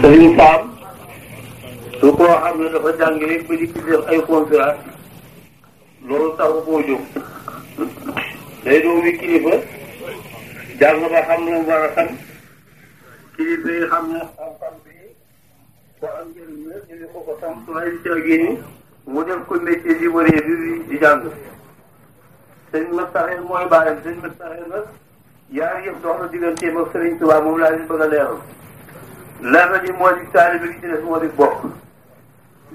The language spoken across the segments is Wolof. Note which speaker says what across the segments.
Speaker 1: sëriñ Saam su koo xam ne dafa jàng rek ba di ci ay conférence loolu taxu koo jóg day doomi kilifa jàng ba xam ne war a xam kilifa yi xam ne xam-xam bi ko am njëriñ la ñu ne ko ko xam su ay caagéeni mu def ko métier di waree di jàng sëñ ma taxee mooy bàyyam sëñ ma taxee nag yaar yëpp dox na digganteem ak sëriñ Tuubaa moom laa leen bëgg a leeral lama ji moo di taalibe gi ci moo di bokk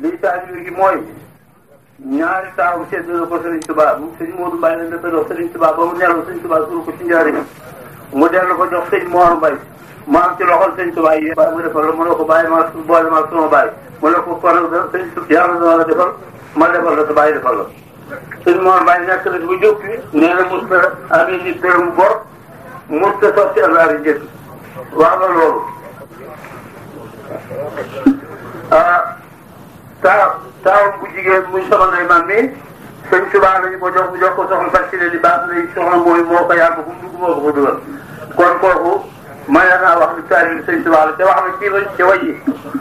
Speaker 1: lii taalibe gi mooy ñaari taawu seddoo ko Serigne Touba mu sëñ Modou Mbaye la dëkkaloo Serigne Touba ba mu nelaw Serigne Touba suul ko ci njariñ mu dellu ko jox sëñ Mor Mbaye mu am mu defal la mu ne ko ma boole ma sama bàyyi mu ne ko kon sëñ yàlla dana la defal sa bàyyi defal la sëñ Mor Mbaye nekk na bu jóg nee na mos na mu bor mos na sotti àll bi ah taaw taawam bu jigéen muy soxna Ndeye Mame mi sëñ Tuubaa lañu ko jox mu jox ko soxna Fatou li baax lay soxna mooy moo ko yàgg bu mu dugg moo ko fa dugal kon kooku ma naa wax lu taal yi sëñ Tuubaa la te wax na ci ba ci wàññi.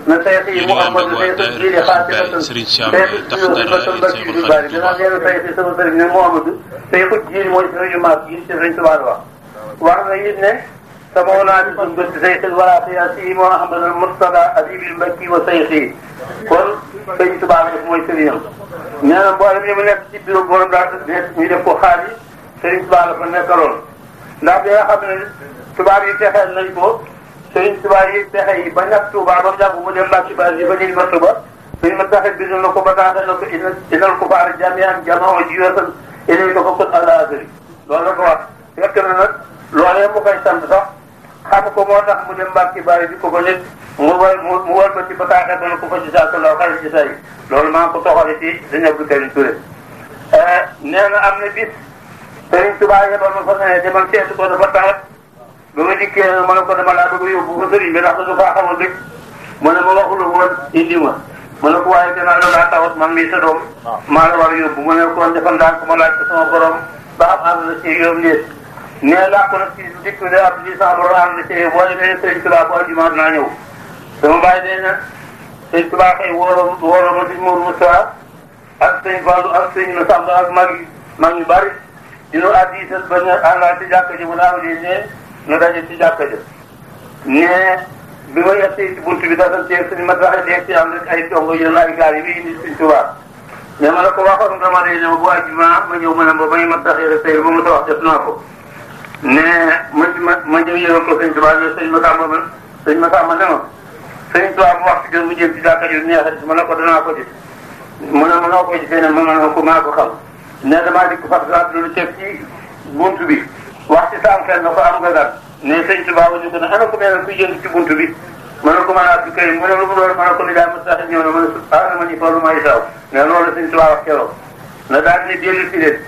Speaker 1: na sayx yi mu am ko sayx yi de xaar si sa sa sayx yi bari dinaa leen sayx sama sëriñ ne Mouhamadou sayxu jiir mooy sëriñu maas yi si sëñ Tuubaa la wax wax na it ne. سمعنا بكم بالزيت الورى سياسيهم ومحمد المرتضى أديب المكي وسيخي kon sëñ Tuubaa la def mooy sëriñam nee na mboolem yi mu nekk ci bureau borom daal ñu def ko xaalis sëriñ Tuubaa la fa nekkaloon ndax bi nga xam ne tubaab yi fexeel nañ ko sëriñ Tuubaa yi fexe yi ba ñàkk Tuubaa ba mu yàgg mu dem Mbàkke ba ba ñuy mott ba suñ ma taxe bindal na ko ba taxal na ko inal inal ko faara jamian jamoo jiwatan inal ko fa kon àllaa loolu la ko wax fekk na nag loolee mu koy sant sax xamu ko moo tax mu dem Mbacke bàyyi bi ko ko nit mu war mu mu war ko ci bakaata ba ko fa ci saa sa law xale ci say loolu maa ngi ko toxale ci dañu bu Karim Touré euh, nee na am na bis Serigne Touba yebal ma fa ne demal seetu ko dafa tawat ba ma dikkee ma o ko dama laa bëgg yóbbu ko Serigne bi ndax dafa faa xamoon rek mu ne ma waxul woon indi ma ma ko waaye danaa la laa tawat man mii sa doom ah. maa la war a yóbbu ma ne ko defal ndànk ma laaj ko sama borom ba am am na ci yoom nii mais laa ko nag ci dikk de ab lii sax lu raam na ci boo demee sëñ Tuba bu ajuma naa ñëw sama bàyyi nee na sëñ Tuba xëy wóoroon wóoroon ma sëñ Mourou Moustapha ak sëñ Fallou ak sëñ Massamba ak mag yi mag ñu bari dinu addiisal ba ñu àndal ci jàkka ji mu laaw lii ne ñu daje ci jàkka ji mais bi ma yegsee ci bunt bi dafa teeg suñu mat waxe deeg ci am rek ay dongo yu ay gaal yi bi indi sëñ Tuba mais ma la ko waxoon dama day ne ma bu ajuma ma ñëw ma ne ba may mat taxee rek tey ba mu sa wax def naa ko nee na ma ma ma jëm yéen a ko sëñ Tuba loolu sëñ Maka ma sëñ Maka ma ne ma sëñ Tuba bu wax ci kër bu jëm ci jàkka ju neex ma ne ko danaa ko gis mu ne ma noo ko gisee ne ma ma ko maa ko xam ne damaa dikk fàttali waat loolu ceeb ci buntu bi. wax ci sa am xel na ko am nga gan ne sëñ Tuba wu ñu ko ne ana ko mel kuy jënd ci buntu bi ma ne ko mën a kër mu ne lu mu doon ma ne ko li daal ma sax ñëw na ma ne subhaana ah, ma ni fa lu may saw ne loolu sëñ Tuba wax keroog na daal ni dellu si leen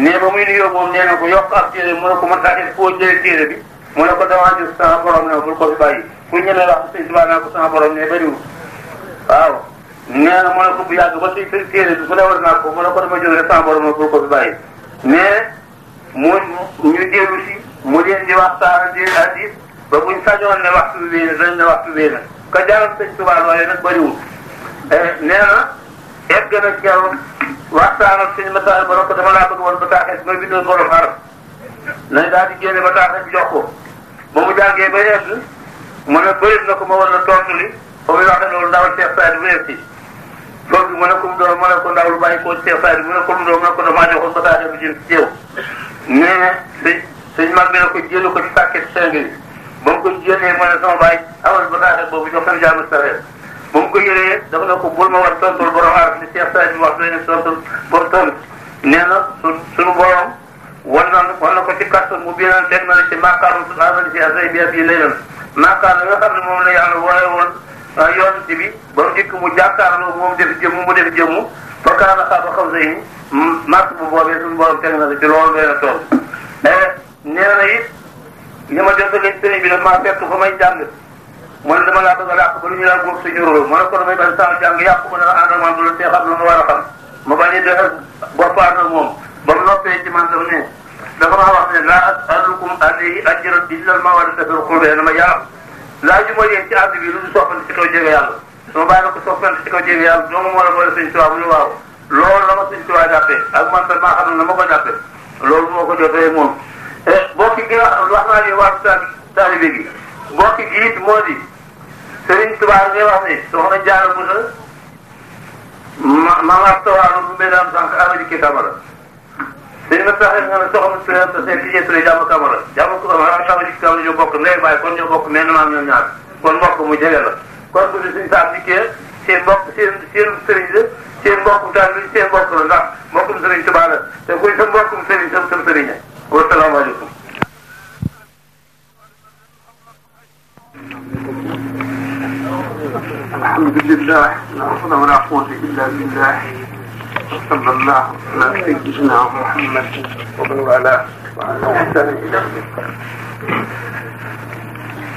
Speaker 1: nee ba muy nuyoo moom nee na ko yokk ab téere mu ne ko man daa def foo jëlee téere bi mu ne ko damaa gis sama borom ne bul ko fi bàyyi ku ñemee wax sëñ Tuubaa naa na mu ne ko bu yàgg ba si si téere bi mu ne war naa ko mu ne ko dama jóg rek sama borom ne bul ko fi bàyyi mais si mu ba buñ sañoon ne waxtu bi ne waxtu bi wéy na ka jaaroon sëñ Tuubaa loolee nag bëriwul eh, nee na egg na keroog waxtaan ak suñu bataaxal ba ko dama laa bëgg woon bataaxal bi nga bindal borom xaram nañ daal i génne bataaxal bi jox ko ba mu jàngee ba mu ne bëri na ko ma war na tontu li ba muy waxee loolu ndawal Cheikh Saad bu egg si ne ko mu doon mu ne ko ndaw lu bàyyi ko Cheikh Saad mu ko mu doon mu ne ko damaa joxoon bataaxal bi jëm ci yow nee na sëñ sëñ mag bi ne ko jëlu ko ci paquet cinq bi ba mu ko jëlee mu ne sama bàyyi amal bataaxal ba mu ko yoree dafa ne ko bul ma war tontul borom arab li Cheikh Sadio wax doy na tontul boobu tontu na su suñu borom wan na na ko ci kàttan mu biiraan teg na la ci maakaaru amal si asay ma ab yi lay doon maakaar nga xam ne moom la yàlla ah, mu dikk mu mu def jëmm fa kaana xaaba xaw sa yi màkk bu boobee suñu borom teg na la ci loolu doy na tontu nee na it li ma jot a gis sëriñ bi nag mu ne dama laa bëgg a làq ba lu ñu laa góob suñu róo mu ne ko damay bañ saa jàng yàqu ma ne la ànd ak man du la see xam lu ma war a xam ma bañ a doxal boppaan ak moom ba mu noppee ci man dam ne dafa maa wax ne laa as'alukum alayhi ajran illa al-mawaddata fil qurbaa dama yàlla laa ji ma yéen ci àdd bi lu ñu soppante ci kaw jege yàlla sama bàyyi na ko soppante ci kaw jege yàlla doomu moo la boole suñ tuwaa mu ne waaw loolu la ma suñ tuwaa jàppee ak man maa xam ne la ma ko jàppee loolu moo ko jotee moom bokki gi wax naa ne waa taalibe gi mbokki gi it moo di Serigne Touba ngay wax ni soxna Diarra ma ma nga tooraanu bu mbéy daam sànq Amady Ki Camara. Serigne Moussa xëy na soxna Touré am na seen liggéey Touré jàmm Camara jàmm Camara ak Amady Ki Camara ñoo bokk ndey baay kon ñoo bokk menn maam ñoom ñaar kon mbokk mu jege la. kon bu dee suñu saa dikkee seen mbokk seen seen Serigne la seen mbokk taal bi seen mbokk la ndax mbokkum Serigne Touba la te kuy sa
Speaker 2: alhamdulillah la hawla wala quwwata illa billah sallallahu ala sayyidina muhammad wa man wala wa ala ihsani ila yawmi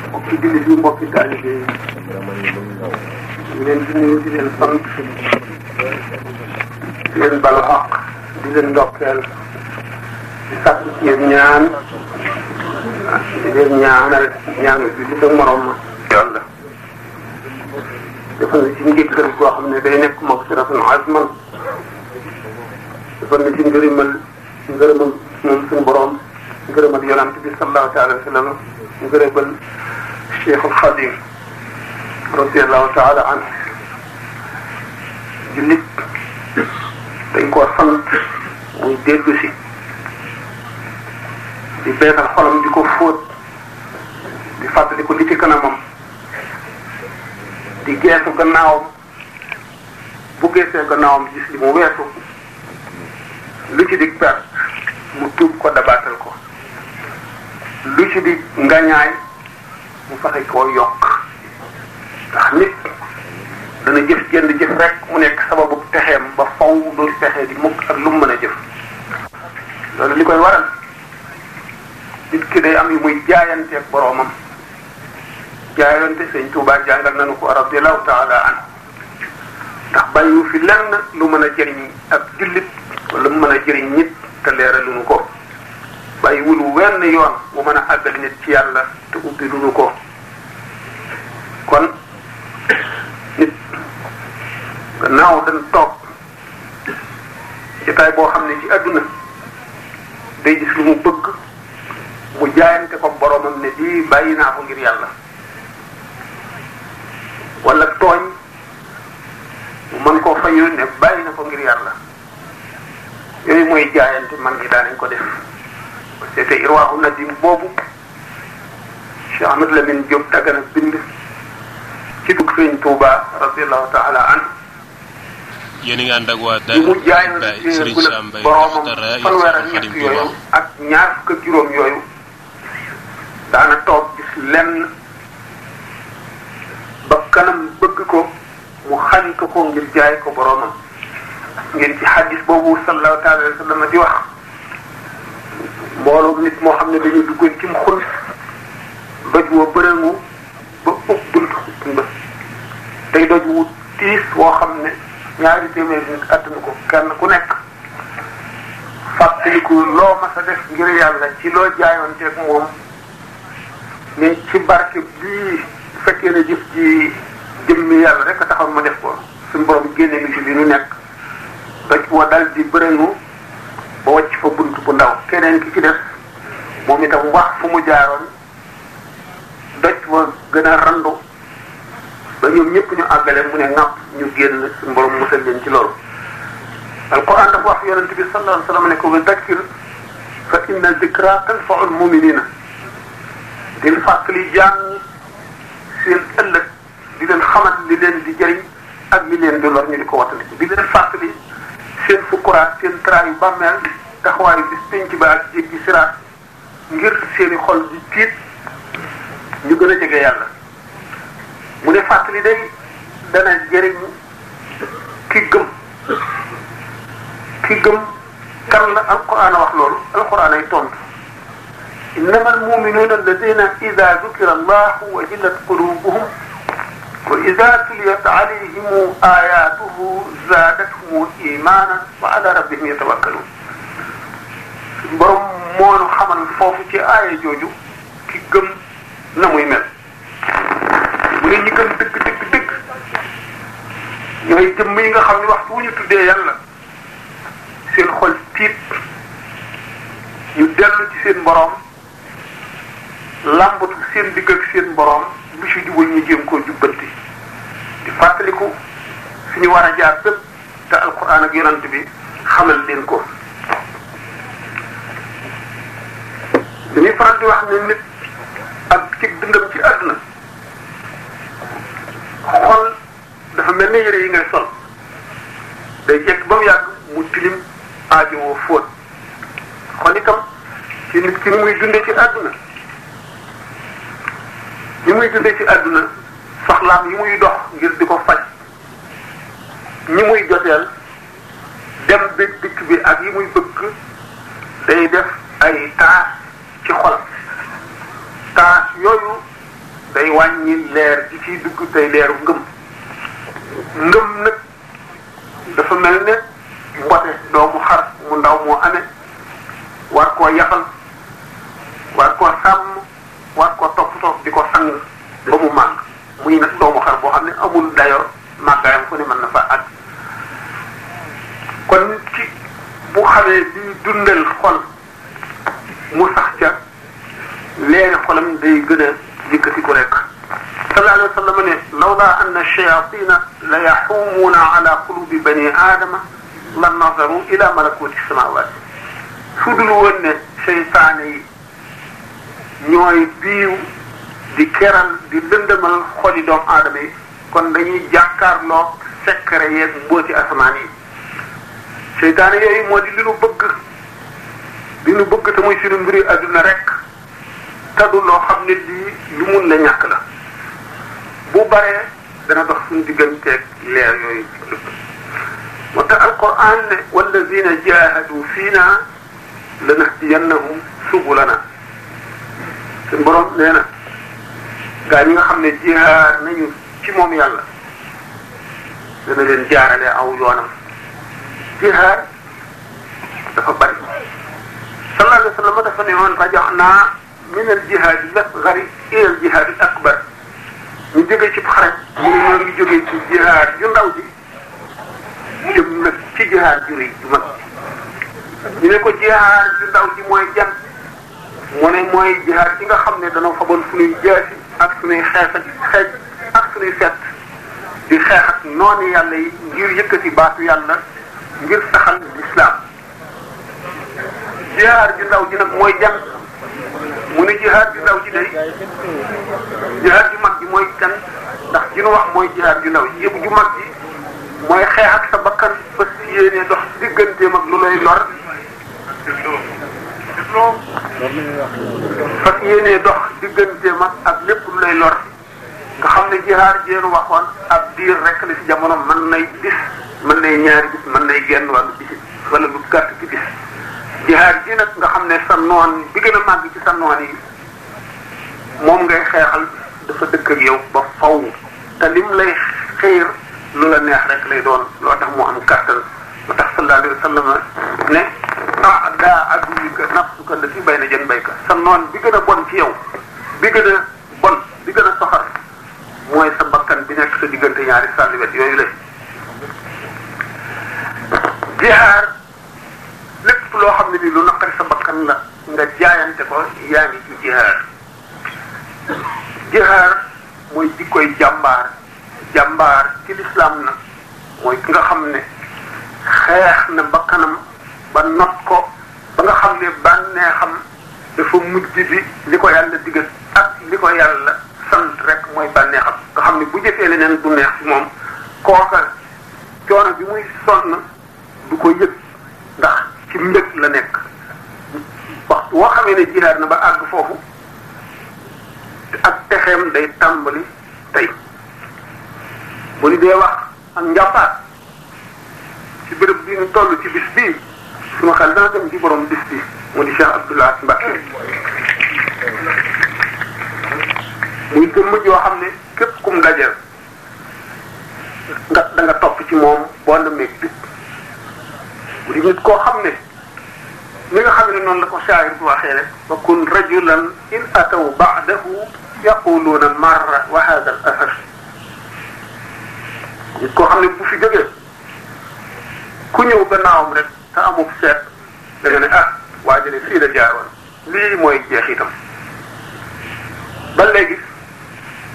Speaker 2: mbokki jullit yi mbokki taalibe yi
Speaker 3: ñu leen di nuyu di leen sant di leen balu xaq di leen ndokkeel di sàkk ci yéen
Speaker 2: ñaan di leen ñaanal ñaanu jullit ak morom ma. yàlla. dafa na ci njëkkal koo xam ne day nekk moom si rafetlu asman. dafa na ci ngërëmal ngërëmal moom suñu borom ngërëmal yonent bi sallallahu taala wa sallam ngërëmal Cheikh al Xadim radiallahu taala an jullit dañ koo sant muy dellu si. di beesal xolam di ko fóot di fàttali li ci kanamam di geesu gannaawam bu geesee gannaawam gis li mu weesu lu ci di perte mu tuub ko dabaatal ko lu ci di ngañaay mu faxe koo yokk ndax nit dana jëf jënd jëf rek mu nekk sababu texeem ba faw dul texee di mukk ak lu mu a jëf loolu li koy waral nit ki day am yu muy jaayanteeg boroomam jaayante sëñ Tuubaa jàngal nañu ko radiallahu taala an ndax bàyyiwu fi lenn lu mën a jëriñ ab jullit wala mën a jëriñ nit te leeraluñu ko bàyyiwul wenn yoon bu mën a àggal nit ci yàlla te ubbi luñu ko kon naaw gannaaw dañ toog jotaay boo xam ne ci àdduna day gis mu bëgg mu jaayante ko boromam ne lii bàyyi naa ko ngir yàlla wala tooñ mu mën koo fayu ne bàyyi na ko ngir yàlla yooyu mooy jaayante man gi daanañ ko def c'était irwaaxu nadim boobu Cheikh Ahmad Lamine Diop Dagana bind ci dugg sëñ Touba radiallahu taala an
Speaker 3: yéen a ngi ànd ak waa mu jaayante boromam fanweer ak ñett yooyu
Speaker 2: ak ñaar fukk juróom yooyu daana toog gis lenn ba kanam bëgg ko mu xañ ko ko ngir jaay ko boroomam ngeen ci xadis boobu sa la wa sallam di wax mbooloo nit moo xam ne dañu duggoon ci mu xul bëj wa bërëngu ba ub xam ne ñaari téeméeri nit ko kenn ku nekk fàttaliku loo mas def ngir yàlla ci loo jaayoon teeg moom mais ci barke bii fekkee ne jëf ji jëmmi yàlla rek a taxaw ma def ko suñu borom génne li ci li nu nekk doj wa dal di bërëngu ba wàcc fa bunt bu ndaw keneen ki ci def moom itam wax fu mu jaaroon doj wa gën a randu ba ñoom ñëpp ñu àggale mu ne ŋàpp ñu génn suñu borom musal leen ci loolu alquran dafa wax yonent bi sallallahu alayhi wa sallam ne ko wa dakkir fa inna dikra tanfaul muminina ngeen fàttali jaam ñi seen ëllëg di leen xamal li leen di jëriñ ak li leen di lor ñu di ko wattandi di leen fàttali seen fukkuraat seen taraayu bàmmeel taxawaayu bis penc ba ak jéggi siraat ngir seeni xol di tiit ñu gën a jege yàlla mu ne fàttali de dana jëriñ ki gëm ki gëm kan la alquran a wax loolu alquran ay tontu إنما المؤمنون الذين إذا ذكر الله وجلت قلوبهم وإذا تليت عليهم آياته زادتهم إيمانا وعلى ربهم يتوكلون borom moo nu xamal foofu ci aaya jooju ki gëm na muy mel bu ne ñi gëm dëgg dëgg dëgg ñooy jëmm yi nga xam ne waxtu wu ñu tuddee yàlla seen xol tiit ñu dellu ci seen borom làmbatu seen digg ak seen borom lu ci jubul ñu jéem koo jubbanti di fàttaliku fi ñu war a jaar bépp te alquran ak yonant bi xamal leen ko dañuy faral di wax ne nit ak ci dundam ci àdduna xol dafa mel ni yére yi ngay sol day jekk ba mu yàgg mu tilim aajowoo fóot xol ci nit ki muy dundee ci àdduna yi muy dundee ci àdduna soxlaam yi muy dox ngir di ko faj ñi muy joteel dem bi dikk bi ak yi muy bëgg day def ay taas ci xol taas yooyu day wàññi leer gi ciy dugg tey leeru ngëm ngëm nag dafa mel ne mbote doomu xar mu ndaw moo amee war koo yaxal war koo sàmm war ko toppatoo di ko sang ba mu màgg muy nag doomu xar boo xam ne amul dayoo màggaayam fu ne mën na fa ak kon ci bu xamee di dundal xol mu sax ca leeri xolam day gën a yëkkati ko rek sallallahu alayhi wa sallam ne lawla anna ash-shayatina la yaxumuuna ala qulubi bani aadama la nazaru ila malakuti samawat su dul woon ne ñooy biiw di keral di lëndëmal xoli doomu aadama yi kon dañuy jàkkaarloo sekkare yeeg mbooti asamaan yi seytaane yooyu moo di li nu bëgg li nu bëgg te muy suñu mbiri adduna rek tadu loo xam ne lii lu mun la ñàkk la bu baree dana dox suñu digganteeg leer yooyu moo tax alquran ne wallazina jahadu fiina lanahdiyannahum subulana suñu borom nee na gaa ñi nga xam ne jihaar ci moom yàlla dana leen jaarale aw yoonam jihaar dafa bari sallallahu alayhi wa sallam dafa ne woon rajaxnaa min al jihaad al ila al akbar ñu jógee ci xare mu jihaar ju ndaw ji jëm ci jihaar ju rëy ju mag jihaar ju ndaw mooy jant mu ne mooy jihaad yi nga xam ne danoo faboon suñuy jaasi ak suñuy xeex ak xeej ak suñuy fet di xeex ak yàlla yi ngir yëkkati baatu yàlla ngir saxal lislaam jihaad ju ndaw ji nag mooy jan mu ne jihaad ju ndaw ji day jihaad ju mag ji mooy kan ndax ji wax mooy jihaad ju ndaw ji yëpp ju mag ji ak sa bakkan fas yéene dox digganteem ak lu lay lor loo fas yéenee dox digganteem ak lépp lu lay lor nga xam ne jihaar jéen waxoon ak diir rek la ci jamono man nay bis mën nay ñaari bis mën nay genn wàllu bisit wala lu gàtt ci bis jihaar ji nag nga xam ne sa noon bi gën a màgg ci sa noon yi moom ngay xeexal dafa dëkk ak yow ba faw te lim lay xiir lu la neex rek lay doon loo tax mu am kàttan moo tax sallallahu alayhi wa sallam ne ah daa addu yi ka nafsu la fi bay na jën bay ka sa noon bi gën a bon ci yow bi gën a bon bi gën a soxar mooy sa bakkan bi nekk sa diggante ñaari sànni wet yooyu la jihaar lépp loo xam ne ni lu naqari sa bakkan la nga jaayante ko yaa ci jihaar jihaar mooy jikkoy jàmbaar ba not ko ba nga xam ne bànneexam dafa mujj bi li ko yàlla digal ak li ko yàlla sant rek mooy bànneexam nga xam ne bu jëfee leneen du neex ci moom kooka coono bi muy sonn du ko yëg ndax ci mbëg la nekk waxtu woo xamee ne jihaar na ba àgg foofu ak texeem day tàmbali tey bu ñu dee wax ak njàppaat ci bërëb bi ñu toll ci bis bii suma xel daa dem ci borom bis bi mu di Cheikh Abdoul Ahad Mbacké muy jëmm yoo xam ne képp kum dajal nga da topp ci moom boo mi bi bu di nit koo xam ne li nga xam ne noonu la ko shaahir bu waxee rek wa kun rajulan in ataw ba'dahu yaquluuna marra wa hada al athar nit koo xam ne bu fi jógee ku ñëw gannaawam rek te amul seet da nga ne ah waa jële fii la jaaroon lii mooy jeex jeexitam ba léegi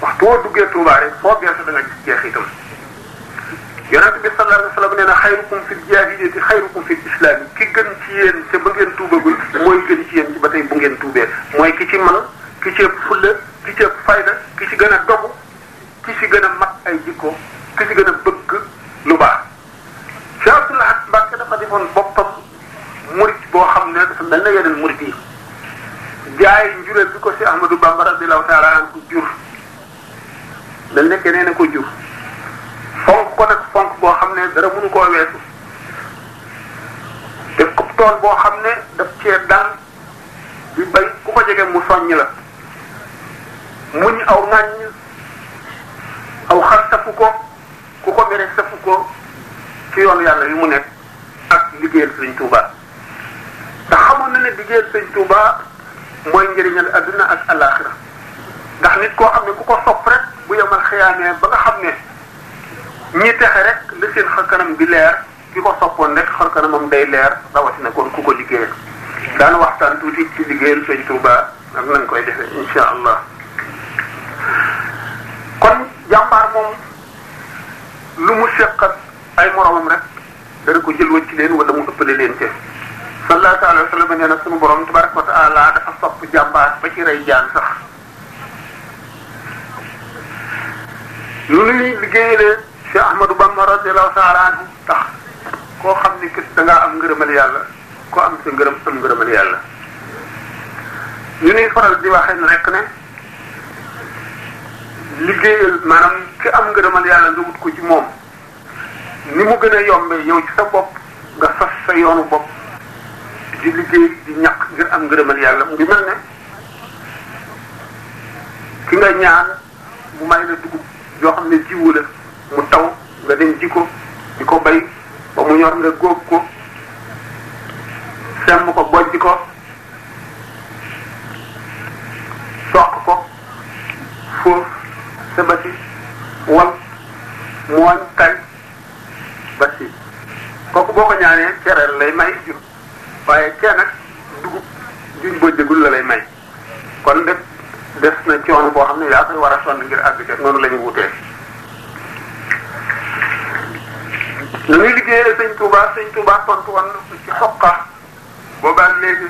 Speaker 2: waxtu woo duggee Tuubaa rek foo gerte da nga gis jeexitam yonent bi sallallahu alayhi wa sallam nee na xayrukum fil jaahiliyyati xayrukum fil islaam ki gën ci yéen te ba ngeen tuubagul mooy gën ci yéen ci ba tey bu ngeen tuubee mooy ki ci mën ki ci ëpp fulla ki ci ëpp fayda ki ci gën a dogu ki ci gën a mat ay jikko ki ci gën a bëgg lu baax Cheikh Abdoul Ahad Mbacke dafa defoon boppam murit boo xam ne dafa mel na yeneen murit yi jaay njureel bi ko si Ahmadou Bamba radiyallahu taala an jur mel ne keneen ko jur fonk ko nag fonk boo xam ne dara mënu koo weesu def ko boo xam ne daf cee dal di bay ku ko jege mu soññ la muñ aw ŋàññ aw xar safu ko ku ko mere safu ko ci yoonu yàlla yi mu nekk ak liggéeyal sëñ Touba te xamoon na ne liggéeyal sañ Touba mooy njëriñal adduna ak alaxira ndax nit koo xam ne ku ko sopp rek bu yemal xiyaamee ba nga xam ne ñi texe rek li seen xar kanam di leer ki ko soppoon rek xar kanamam day leer rawatina kon ku ko liggéeyal daan waxtaan tuuti ci liggéeyal sëñ Touba ak nañ koy defee insha allah kon jàmbaar moom lu mu seqat ay moromam rek dana ko jël wëcc leen wala mu ëppale leen ca sallallahu alayhi wa sallam nee na sunu borom tabaraka wa taala dafa sopp jàmbaar ba ci rey jaan sax lu nuy liggéeyale Cheikh Ahmadou Bamba radiyallahu taala tax koo xam ni kët da ngaa am ngërëmal yàlla koo am sa ngërëm am ngërëmal yàlla ñu nuy faral di waxee rek ne liggéeyal maanaam ki am ngërëmal yàlla nga wut ko ci moom ni mu gën a yombee yow ci sa bopp nga fas sa yoonu bopp di liggéey di ñàkk ngir am ngërëmal yàlla mu ngi mel ne ki nga ñaan mu may la dugub yoo xam ne jiwu mu taw nga dem ji di ko bay ba mu ñor nga góob ko semm ko bojj ko soq ko foof sabati wal mooñ tay basi kooku boo ko ñaanee cereer lay may jur waaye cee nag dugub juñ bëjjagul la lay may kon def des na coono boo xam ne yaa war a sonn ngir àgg ca la ñu wutee nu ñuy liggéeyee sëñ Touba sëñ Touba tontu woon na ci xoqa boobaan léegi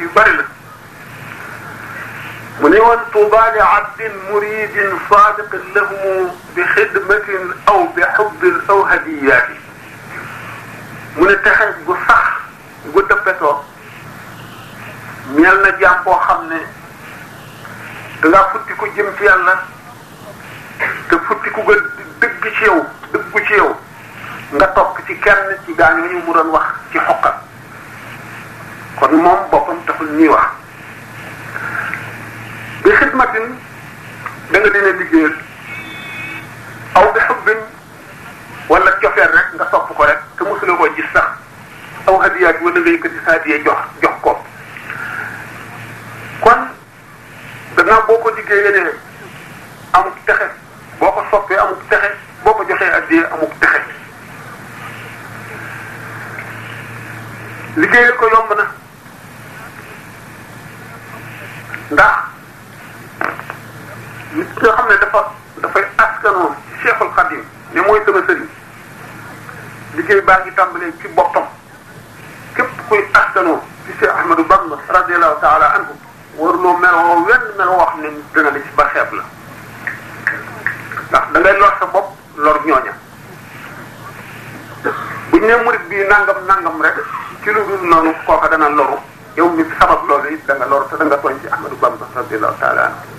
Speaker 2: yu bari la mu ne woon tuuba li abdin muridin saadiqin lahu bi xidmatin aw bi xubbin aw hadiyaati mu ne texe gu sax gu dëppetoo ñeel na jaam boo xam ne dangaa futti ko jëm ci yàlla te futti ku nga dëgg ci yow dëggu ci yow nga topp ci kenn ci gaañoo ñu mu doon wax ci xoqam kon moom boppam taxul ñuy wax bi xidmatin da nga liggéey a liggéeyal aw bi xubbin wala cofeel rek nga topp ko rek te mosuloo koo gis sax aw hadiyaat wala nga yëkkati sa hadiya jox jox ko kon gannaaw boo ko liggéeyalee amuk texe boo ko soppee amuk texe boo ko joxee hadiya amuk texe liggéeyal ko yomb na ndax nit ki nga xam ne dafa dafay askanoo ci Cheikhul Khadim ne mooy sama sëriñ liggéey baa ngi tàmbalee ci boppam képp kuy askanoo ci Cheikh Ahmadou Bamba radiyallahu taala anhu waruloo meloo wenn meloo wax ne dana la ci ba xeeb la ndax da ngay lor sa bopp lor ñooña bu ñu nee murid bi nangam nangam rek ci lu dul noonu kooka dana loru yow mi sabab loolu it da nga lor te da tooñ ci Ahmadou Bamba radiyallahu taala anhu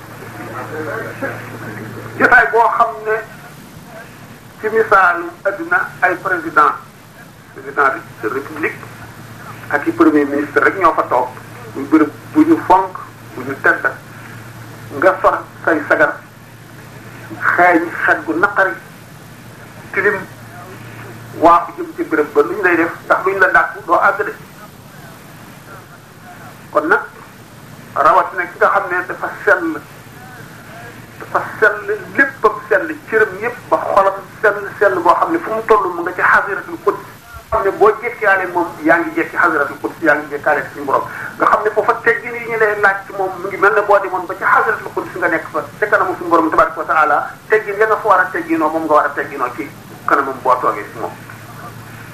Speaker 2: jotaay boo xam ne ci misaalu na ay président président de république ak i premier ministre rek ñoo fa toog muy bërëb bu ñu fonk bu ñu tedd nga sor say sagar xeeñ xet gu naqari tilim waaxu jëm ci bërëb ba lu ñu lay def ndax lu ñu la dàq doo àgg nag rawat ne ki nga xam ne dafa sell dafa sell léppam sell cëram yépp ba xolam sell sell boo xam ne fu mu toll mu nga ci xasiratul quds xam ne boo jekkaale moom yaa ngi jekki xasiratul quds yaa ngi jekkaale ci borom nga xam ne foofa teggin yi ñu lay laaj ci moom mu ngi mel ne boo demoon ba ci xasiratul quds nga nekk fa te kanamu suñu borom tabaraka wa taala teggin ya nga fa war a tegginoo moom nga war a tegginoo ci kanamam boo toogee ci moom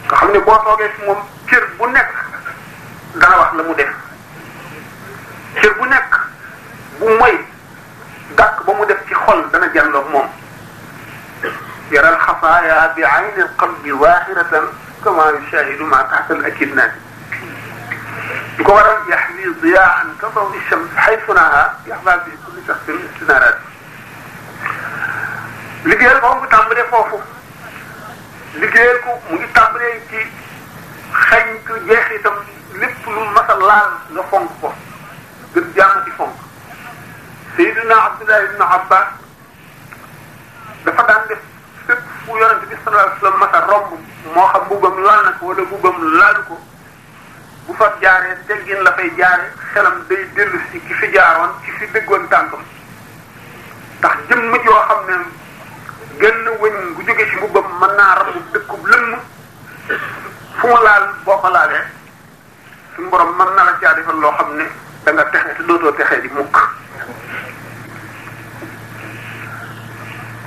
Speaker 2: nga xam ne boo toogee ci moom cër bu nekk dana wax la mu def cër bu nekk bu moy gàkk ba mu def ci xol dana jàlloog moom yaral xafaaya bi ayni alqalbi waahiratan kama yushahidu ma taxta al akidnaat lu ko waral yaxwi diyaaxan ka dawi shams xaytu naaha yaxbaa bi kulli saxsin istinaaraat liggéeyal ko mu ngi tàmbalee foofu liggéeyal ko mu ngi tàmbalee ci xañ ko jeexitam lépp lu mas a laal nga fonk ko gën jàmm di fonk Seydina Abdullah ibn Abbas dafa daan def fépp fu yonente bi sallallahu alayhi wasallam masa romb moo xam buubam laal na ko wala buubam laalu ko bu fa jaaree teggin la fay jaare xelam day dellu si ki fi jaaroon ci fi dëggoon tànkam ndax jëmm joo xam ne genn wëñ gu jóge ci mbubbam mën naa rambu dëkkub lëmm fu mu laal boo ko laalee suñu borom mën na la caa defal loo xam ne da nga texe te dootoo texe di mukk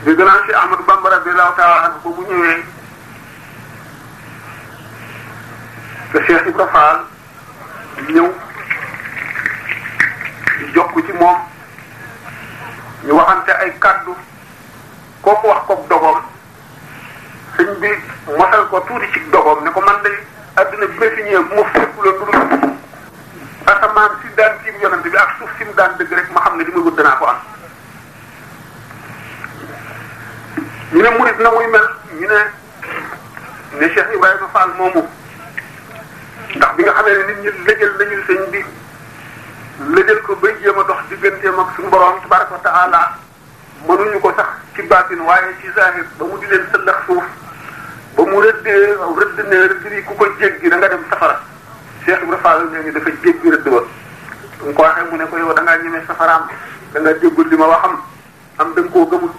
Speaker 2: bi grand Cheikh Ahmadou Bamba radiyallahu taala anhu boobu ñëwee te Cheikh Ibra Fall ñëw jokk ci moom ñu waxante ay kàddu kooku wax ko dogoom sëñ bi mosal ko tuuti ci dogoom ne ko man day adduna bi ma fi ñëwee bu ma fekkuloon lu dul asamaan si daan tiim yonante bi ak suuf si mu daan dëgg rek ma xam ne li muy wut danaa ko am ñu ne murit na muy mel ñu ne ne Cheikh ma Fall moomu ndax bi nga xam xamee ne nit ñi lëjal nañu sëñ bi lëjal ko bay jéem a dox digganteem ak suñu borom tabaraka wa taala mënuñu ko sax ci baatin waaye ci zahir ba mu di leen sëllax suuf ba mu rëddee rëdd ne rëdd yi ku ko jéggi da nga dem safara Cheikh Ibrahima Fall nee na dafa jéggi rëdd ba bu ko waxee mu ne ko yow da li ma waxam am da nga koo gëmul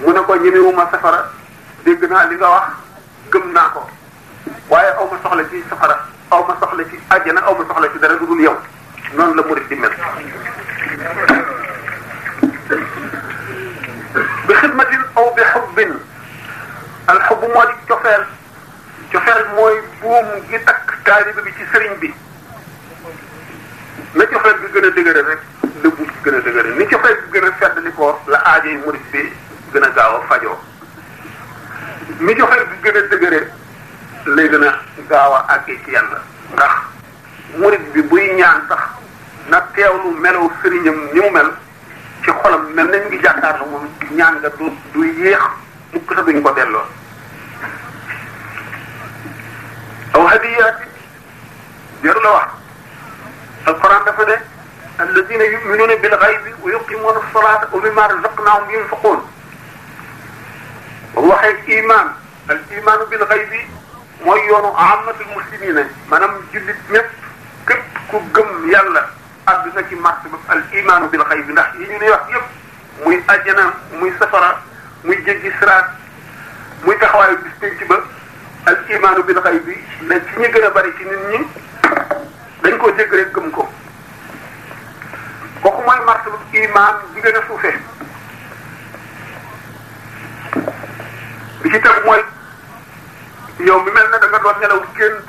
Speaker 2: mu ne ko ñemewuma safara dégg naa li nga wax gëm naa ko waaye aw soxla ci safara aw ma soxla ci àjjana aw ma soxla ci dara lu dul yow noonu la murid di mel. bi xidmatin aw bi xubbin al xubbu moo di cofeel mooy buum gi takk taalibe bi ci sëriñ bi na cofeel bi gën a dëgëre rek dëggu bi gën a dëgëre ni cofeel bi gën a feddali ko la aajay murit bi gën a gaaw a fajoo ni cofeel bi gën a dëgëre lay gën a gaaw a àggee ci yàlla ndax murit bi buy ñaan sax na teewlu melow sëriñam ni mu mel ci xolam mel nañ ngi jàkkaarloo moom ñaan nga du du yéex mukk sa duñ ko delloo aw hadiyaati jarul a wax alquran dafa ne alladina yuminuna bil xaybi wa yuqimuna salata wa mimma razaqnahum yunfiqun waxee iman al imanu bil xaybi mooy yoonu amatul muslimina maanaam jullit ñépp képp ku gëm yàlla àdduna ci marché ba al imanu bil xaybi ndax yi ñu ne wax yépp muy ajjana muy safara muy jéggi siraat muy taxawaayu bis penc ba al imaanu bil xay bi ne ci ñu gën a bari ci nit ñi dañ koo dégg rek gëm ko kooku mooy martabu imaan bi gën a suufee bi ci tegu mooy yow mi mel na da nga doon nelaw gént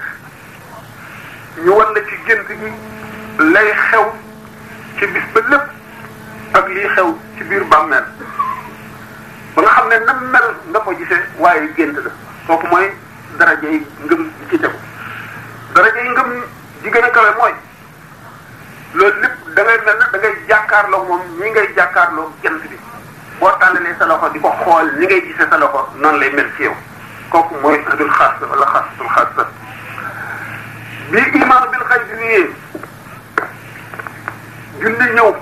Speaker 2: ñu wan la ci gént gi lay xew ci bis ba ak liy xew ci biir bàmmeel ba nga xam ne na mel nga ko gisee waaye gént la kooku mooy daraja yi ngëm yi ci tegu daraja gën a kawe mooy loolu lépp da ngay mel na da ngay jàkkaarloo moom ni ngay jàkkaarloo jant bi boo tàllalee sa loxo di ko xool ni ngay gisee sa loxo noonu lay mel ci yow kooku mooy adul xaas bi iman bil xay bi ñëwee julli ñëw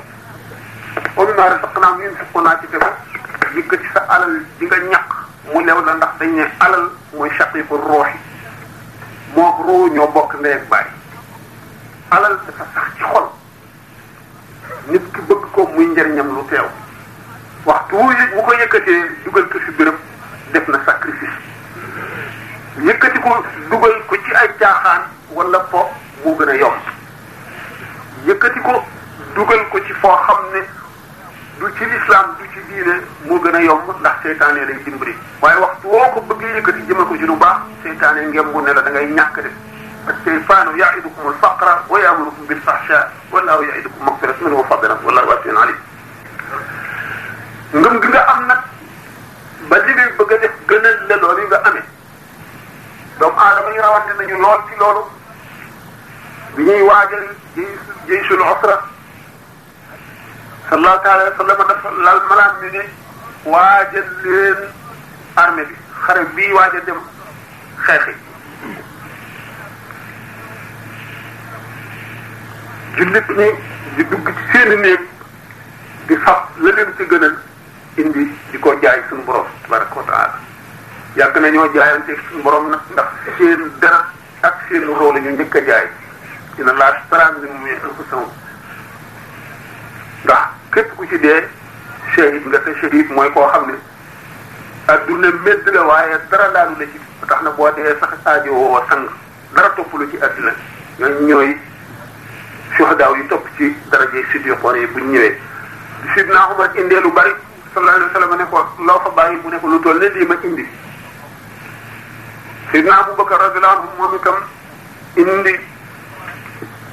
Speaker 2: omi naa resaq naa mu yun naa ci tegu yëkkati sa alal di ñàkk mu new la ndax dañ ne alal mooy shaqiiqu ruuxi moo ruu ñoo bokk ndey ak baay alal dafa sax ci xol nit ki bëgg ko muy njariñam lu teew waxtu wu bu ko yëkkatee dugal ko def na sacrifice ko ci ay caaxaan wala po moo gën a yomb yëkkati ko dugal ko ci foo xam ne du ci lislaam du ci diine moo gën a yomb ndax seytaane lay dimbali waaye waxtu woo ko bëggee yëkkati jëme ko ci lu baax seytaane ngem bu ne la da ngay ñàkk de as-seytaanu ya'idukum al-faqra wa ya'murukum bil-fahsha wallahu ya'idukum maghfiratan minhu wa fadlan wallahu wasi'un alim ngëm gi nga am nag ba li ngay bëgg a def gënal la loolu nga amee doomu aadama ñu rawante nañu lool ci loolu bi ñuy waajal jëy jëy suñu usra sallallahu taala wa sallam dafa lal malaan mi ne waajal leen armée bi xare waaj a dem xeexi jullit ñi di dugg ci seeni néeg di fab la leen ci gënal indi di ko jaay suñu borom tabaraka wa taala yàgg na ñoo jaayante suñu borom nag ndax seen dara ak seen rôle ñu njëkk a jaay dina laa saraan ni mu mee anfusahu képp ku ci dee shahid nga te shahid mooy koo xam ne adduna médd la waaye dara daanu la ci tax na boo dee sax aajo woo sang dara topp lu ci adduna ñooñ ñooy suhadaaw yu topp ci daraje siddiqoon yi buñ ñëwee sidna Umar indee lu bari sallallahu alayhi wa sallam ne ko loo fa bàyyi mu ne ko lu toll ne lii ma indi sidna Abubakar radiyallahu anhu moom itam indi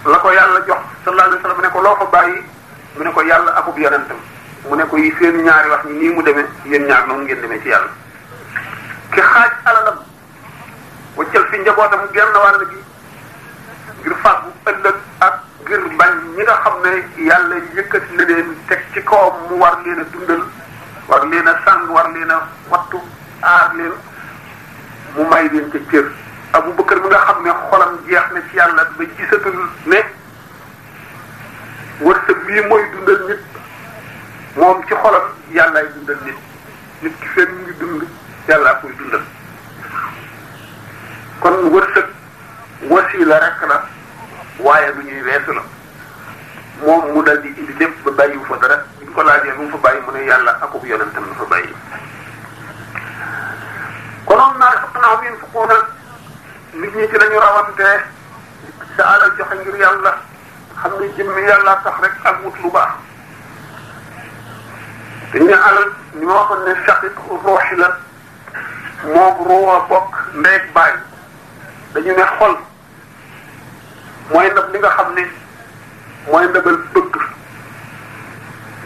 Speaker 2: la ko yàlla jox sallallahu alayhi wa sallam ne ko loo fa bàyyi mu ne ko yàlla akub yonentam mu ne ko yi seen ñaari wax ni nii mu demee yéen ñaar noonu ngeen demee ci yàlla ki xaaj alalam waccal fi njabootam genn wàll gi ngir ak ngir bañ ñi nga xam ne yàlla yëkkati na leen teg ci kawam mu war leen a dundal war leen a sàng war leen a wattu aar leen mu may leen ca cër Abu Bakar mi nga xam ne xolam jeex na ci yàlla ba gisatul ne wërsëg bii mooy dundal nit moom ci xolam yàllaay dundal nit nit ki fenn ngi dund yàllaa koy dundal kon wërsëg wasiila rekk la waaye lu ñuy weesu la moom mu dal di indi lépp ba bàyyiwu fa dara buñ ko laajee lu mu fa bàyyi mu ne yàlla akub yonentam la fa bàyyi konoon naa ëpp naa wiin fukkuna nit ñi ci lañu rawante sa alal joxe ngir yàlla xam ne jëmmi yàlla sax rek ak wut lu baax dañ ne alal ni ma waxoon ne saqiq ruuxi la moog ruuwa bokk ndeeg baay dañu ne xol mooy ndab li nga xam ne mooy ndabal bëgg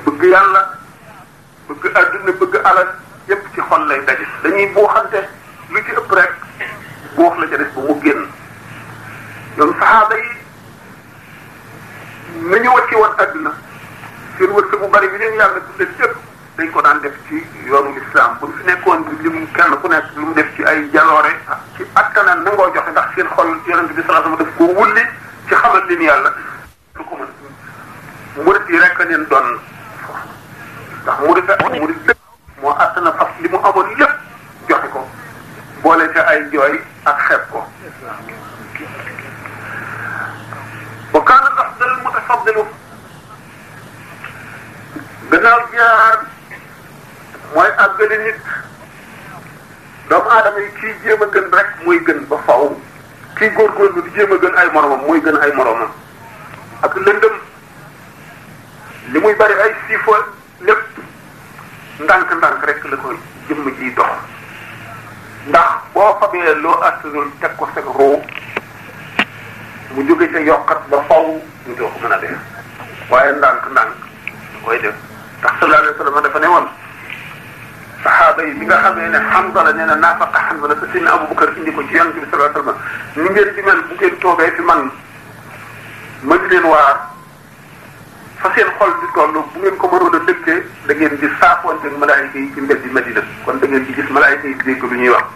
Speaker 2: bëgg yàlla bëgg àdduna bëgg alal yépp ci xol lay daje dañuy buuxante lu ci ëpp rek buux la ca def ba mu génn ñoom saxaaba yi na ñu wacci woon adduna seen wërsëg bu bari bi leen yàlla dundal lépp dañ ko daan def ci yoonu lislaam bu nekkoon bi lim ku nekk lu mu def ci ay jaloore ci attanan nangoo joxe ndax seen xol yonent bi sallallahu alayhi wasallam daf ko wulli ci xamal li ni yàlla su ko mën murit yi rekk leen doon ndax murit murit lépp moo attana fas li mu amoon lépp joxe ko boole ca ay jooy ak xeeb ko fadlu gannaaw jihaar mooy àggali nit doomu aadama yi kii jéem a gën rek mooy gën ba faaw kii góorgóorlu di jéem a gën ay moromam mooy gën ay moromam ak lëndëm li muy bari ay siifa lépp ndànk-ndànk rek la ko jëmm ji dox ndax boo fabee loo astunul teg ko sag roo mu jóge ca yokkat ba faw ñu doo ko a def waaye ndànk ndànk koy def ndax sallallahu alayhi wa sallam dafa ne woon saxaaba yi bi nga xamee ne Hanzala nee na naafaqa Hanzala si Seydina Abubakar indi ko ci yonent bi sallallahu alayhi wa sallam ni ngeen di mel bu ngeen toogee fi ma di leen waar fa seen xol di toll bu ngeen ko mënoon a da ngeen di saafoonte ak malaayika yi ci mbedd Madina kon da ngeen di gis malaayika yi dégg lu ñuy wax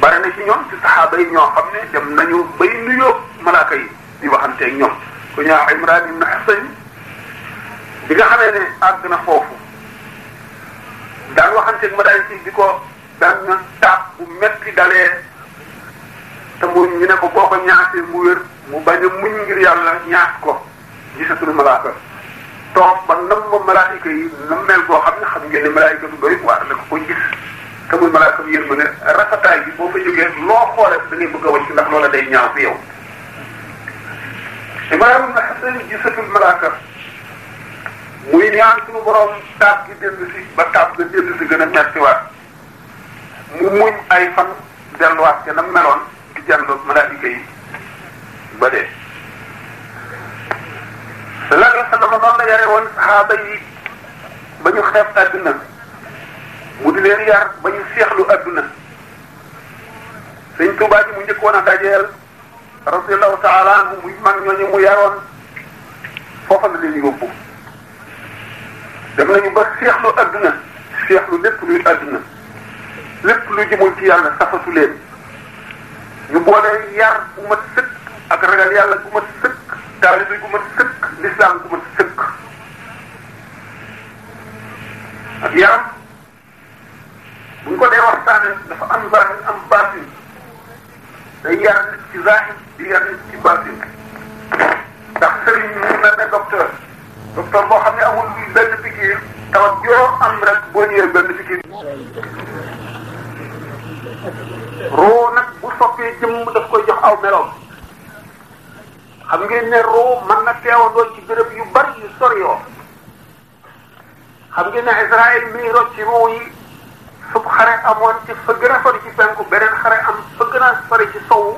Speaker 2: na ci ñoom ci saxaaba yi ñoo xam ne dem nañu bay nuyoo malaaka yi di waxanteeg ñoom ku ñu wax Imran ibn Husayn bi nga xamee ne àgg na foofu daan waxanteeg malaayika di ko daan na taab bu metti dalee te mu ñu ne ko boo ko ñaasee mu wér mu bañ a muñ ngir yàlla ñaas ko gisatul malaaka toog ba nam ma malaayika yi nammeel boo xam ne xam ngeen ne malaayika du bëri waar la ko koy gis te muy malaaka bi yéen ne rafetaay bi boo fa jógee loo xoolee da bëgg a wàcc ndax loola day ñaaw fi yow. Ibrahima ibn Hasan gisatul malaaka muy ñaan suñu borom taab gi dellu si ba taab ga dellu si gën a mettiwaat mu muñ ay fan delluwaat ca nam meloon di jàndoog malaayika yi ba dee sallallahu alayhi wa sallam noonu la yare woon saxaaba yi ba mu di leen yar ba ñu seexlu adduna sëñ Tuubaa ji mu njëkkoon a dajeel radiyallahu taala anhu muy mag ñooñu mu yaroon foofa la leen yóbbu dem nañu ba seexlu adduna seexlu lépp luy adduna lépp lu jëmoon ci yàlla safatu leen ñu boole yar bu mat sëkk ak ragal yàlla bu mat sëkk taalibe bu mat sëkk lislaam bu mat sëkk ak yaram buñ ko dee waxtaane dafa am zaahir am baatin day yar nit ci zahir di yar nit ci baatin ndax sëriñ mu mel ne docteur docteur boo xam ne amul luy benn pikiir tawat yoo am rek boo ñëwee benn pikiir roo nag bu soppee jëmm daf koy jox aw meloom xam ngeen ne roo mën a teewandoo ci béréb yu bari yu sori xam ngeen ne Israël mi ngi rocc roo xare amoon ci fa gën a sori ci penku beneen xare am fa gën a sori ci sowu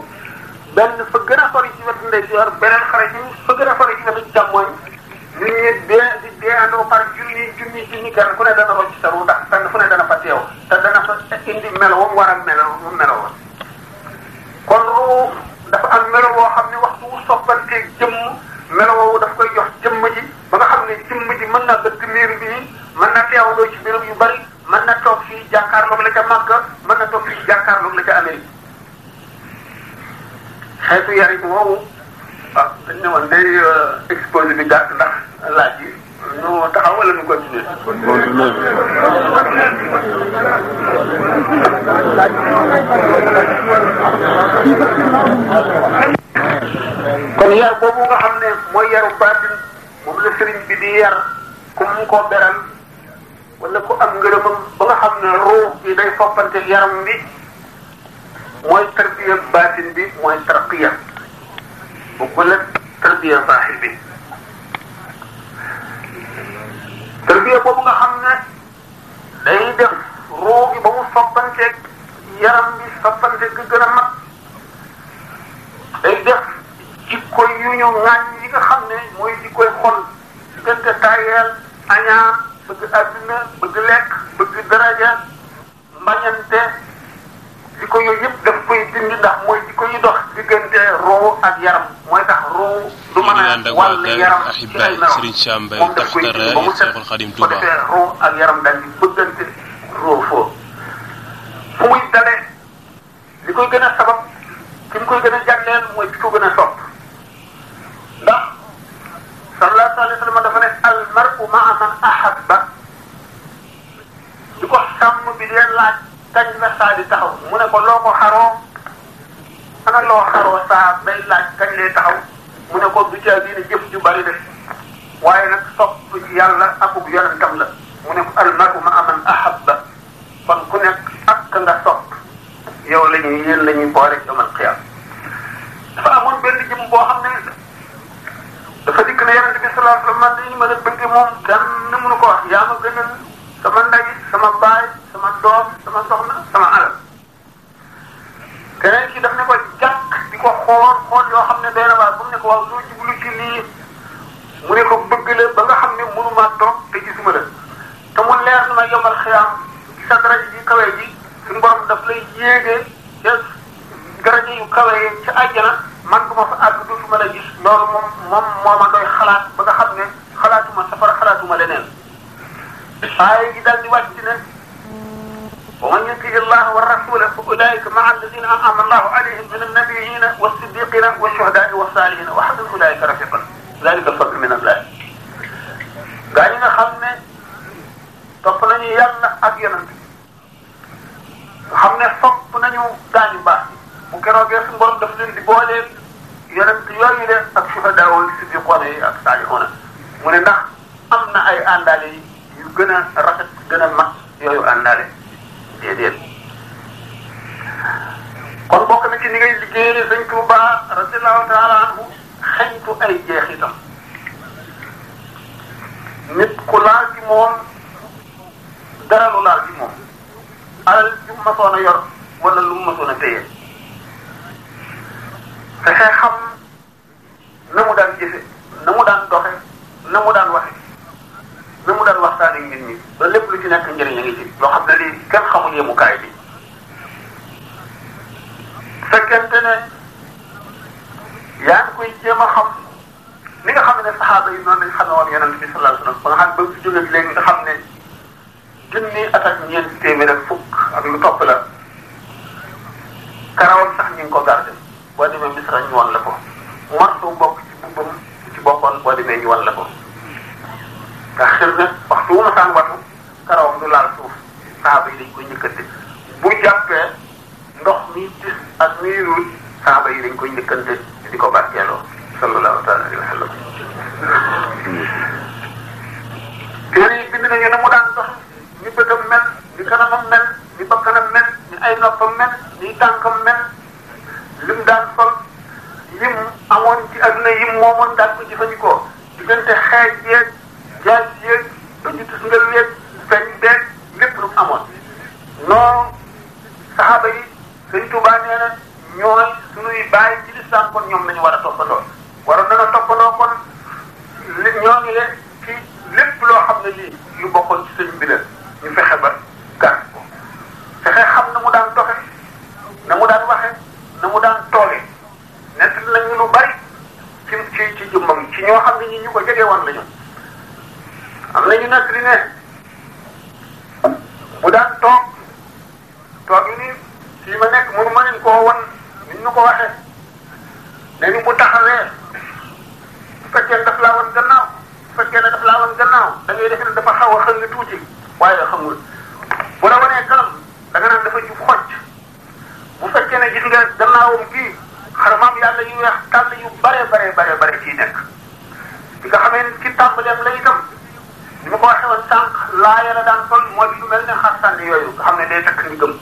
Speaker 2: benn fa gën a sori ci wetu ndeyjoor beneen xare ci fa gën a sori ci wetu càmmoñ nit ñi dee di dee àndoo par junni junni junni kenn ku ne dana rocc sa ru ndax fenn fu ne dana fa teew te dana fa indi melo war a melo mu melo kon ruu dafa am melo boo xam ne waxtu wu soppanteeg jëmm melo woowu daf koy jox jëmm ji ba nga xam ne jëmm ji mën na bëtt miir bi mën na teewloo ci béréb yu bari man na toog fii jàkkaarloog la ca Makka mën na toog fii jàkkaarloog la ca Amérique xeetu yarit woowu ah dañ ne woon day euh, exposé bi gàtt ndax laaj yi ñu taxaw kon yar boobu nga xam ne mooy yaru baatin moom la sëriñ bi di yar ku ko beral. wala ku am ngërëmam ba xam ne ruux bi day foppante yaram bi mooy tarbiya baatin bi mooy tarqiya bu ko la tarbiya baaxil bi tarbiya boobu nga xam ne day def ruux bi ba mu yaram bi soppanteeg gi gën a mag day def jikko yu ñu ŋaañ yi xam ne mooy jikkoy xol diggante tayeel añaan bëgg àdduna bëgg lekk bëgg daraja mbañante di ko yooyu yëpp daf koy dindi ndax mooy di ko ñu dox diggante roo ak yaram mooy tax roo du mën
Speaker 3: a wàll yaram ci ay naaw moom ko
Speaker 2: ak yaram daal di bëggante roo foo fu muy dalee li koy gën a sabab ki ko koy gën a jànneel mooy ki ko gën a sopp ndax sallallahu alayhi wa sallam dafa ne al mar'u ma'a man ahab di leen laaj kañ la saa di taxaw mu ne ko loo ko xaroo ana loo xaroo saa bay laaj kañ lay taxaw mu ne ko du caa diine jëf ju bari def waaye nag sopp yàlla akub yonentam la mu ne ko almaru ma aman ahabba kon ku nekk ak ka sopp yow la ñuy yéen ne ñuy boole yomal xiyaam dafa amoon benn jëm boo xam ne dafa dikk ne yonent bi sallallahu alayhi wa sallam man dañu mën a bëgg moom kenn mënu ko wax yaa ma gënal sama ndey sama baay doom sama a sama alal keneen ki daf ne ko jàkk di ko xool xool yoo xam ne doy na waar bu mu ne ko waaw loo jublu mu ne ko bëgg la ba nga xam ne mënuma toog te gisuma la te mu leer na ma yombal xiyaam sa daraja ji kawe ji suñu borom daf lay yéegee ca daraja yu kawe ca àjjana man bu ma fa àgg dootuma la gis loolu moom moom ma doy xalaat ba nga xam ne xalaatuma safara xalaatuma leneen. waaye gi daal di wàcc ne. ومن يطع الله والرسول فاولئك مع الذين انعم الله عليهم من النبيين والصديقين والشهداء والصالحين وحسن اولئك رفيقا ذلك الفضل من الله gaa ñi nga xam ne topp nañu yàlla ak yonent xam ne fopp nañu gaa ñu baax bu keroogee suñu borom daf leen di boolee yonent yooyu de ak shuhadaa wa siddiqoona yi ak saalihoona mu ne ndax am na ay àndaale yu gën a rafet gën a mag yooyu àndaale déedéet kon bokk na ci ni ngay liggéeyee Sëñ Tuubaa radiyallaahu ko waxee ne ni bu taxawee su fekkee daf laa wan gannaaw su fekkee ne daf laa wan gannaaw da ngay def ne dafa xaw a xëng tuuti waaye xamul bu la wanee kanam da nga naan dafa jub xocc bu fekkee ne gis nga gannaawam kii xaramaam yàlla yu weex tàll yu bare bare bare bare ciy nekk xam nga ni ci tàmbaleem la itam ni ma ko waxee woon sànq laaya la daan sol mooy lu mel ne xarsànni yooyu nga xam ne day takk ndigam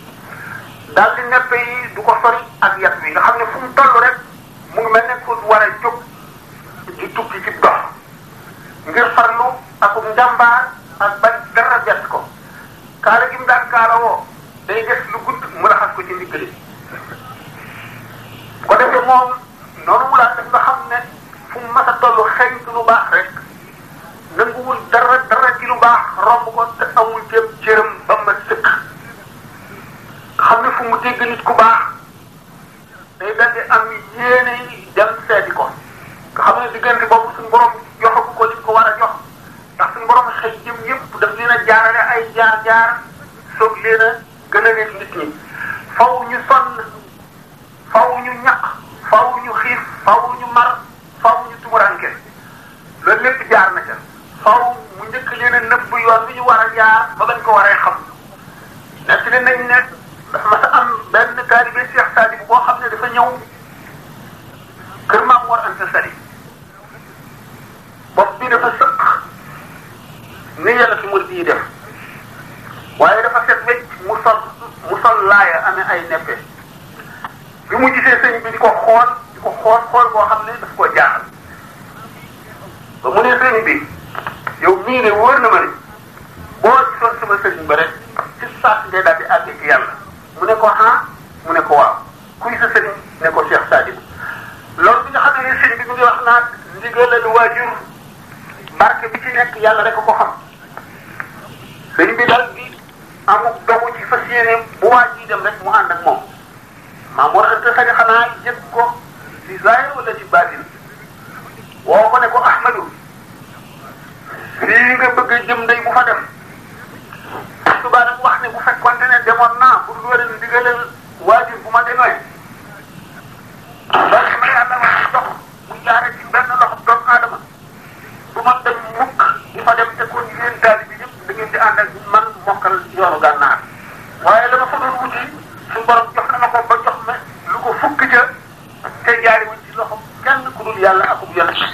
Speaker 2: daal di neppe yi du ko sori ak yat wi nga xam ne fu mu toll rek mu ngi mel ne ku war a jóg di tukki ci dox ngir farlu ak um njàmbaar ak bañ dara bett ko kaala gi mu kaala woo day des lu gudd mu raxas ko ci ndiggali bu ko defee moom noonu mu daan xam ne fu mu mas a toll xeeñ lu baax rek nanguwul dara dara ci lu baax romb te amul jéem cëram ba xam ne fu mu dégg nit ku baax day dal di am yéene yi dem seeti ko nga xam ne diggante boobu suñu borom joxagu ko li ko war a jox ndax suñu borom xëy jëm yëpp daf leen a jaarale ay jaar-jaar soog leen a gën a nekk nit ñi faw ñu sonn faw ñu ñaq faw ñu xiif faw ñu mar faw ñu tumuranke loolu lépp jaar na ca faw mu njëkk leen a nëbb yoon bi ñu war jaar ba bañ ko waree xam nekk nañ ne dafa mas a am benn taalibe Cheikh Saadi boo xam ne dafa ñëw kër maam war Anta Sali bopp bii dafa sëkk ni yàlla fi murid yi def waaye dafa set wecc mu sol mu sol laaya amee ay neppe bi mu gisee sëñ bi di ko xool di ko xool xool boo xam ne daf koo jaaxal ba mu ne sëñ bi yow mii ne wóor na ma ne boo gisoon sama sëriñ ba rek ci saas ngay daal di àgg ci yàlla mu ne ko ah mu ne ko waaw kuy sa sëriñ ne ko Cheikh Sadibou loolu bi nga xam ne sëriñ bi mu ngi wax naan ndigalal waajur barke bi ci nekk yàlla rek ko xam sëriñ bi daal di amuk dogu ci fas yéene bu waaj yi dem rek mu ànd ak moom maam war a tësale xanaa jëkk ko ci zaahir wala ci woo ko ne ko Ahmadu fii nga bëgg jëm day bu fa dem. Touba nag wax ne bu fekkoon ne demoon naa pour lu wéral ndigalal waajur bu ma demee parce que yàlla ma dox mu jaare ci benn loxo doomu aadama bu ma dem mukk di ma dem te kon yéen taalibe bi yëpp da ngeen di ànd ak man mokkal yoonu gànnaar waaye la ma fa doon wuti suñu borom jox na ma ko ba jox ma lu ko fukk ca te jaari wuñ ci loxo kenn ku dul yàlla ak bu yàlla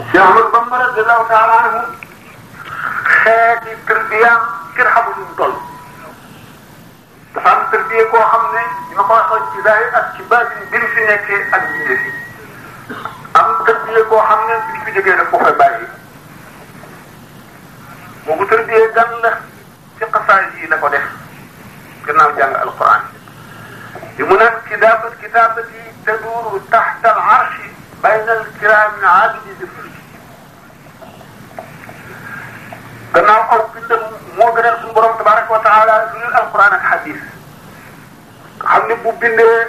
Speaker 2: Cheikh Ahmadou Bamba radiyallahu taala anhu tërbiya kenn xamul nu mu toll dafa am tërbiya koo xam ne ñu ma ko waxoon ci zahir ak ci baatin bi ñu fi nekkee ak bindee fi am tërbiya koo xam ne bi ñu fi jógee daf ko fay bàyyi moo ko tërbiya gan la ci xasaay yi la ko def gannaaw jàng alquran li mu naan kitaabat kitaabati taduuru taxta al arshi bayna al kiraami abidi gannaaw aw bindam moo gënal suñu borom tabaraka wa taala suñu alquran ak hadis xam ne bu bindee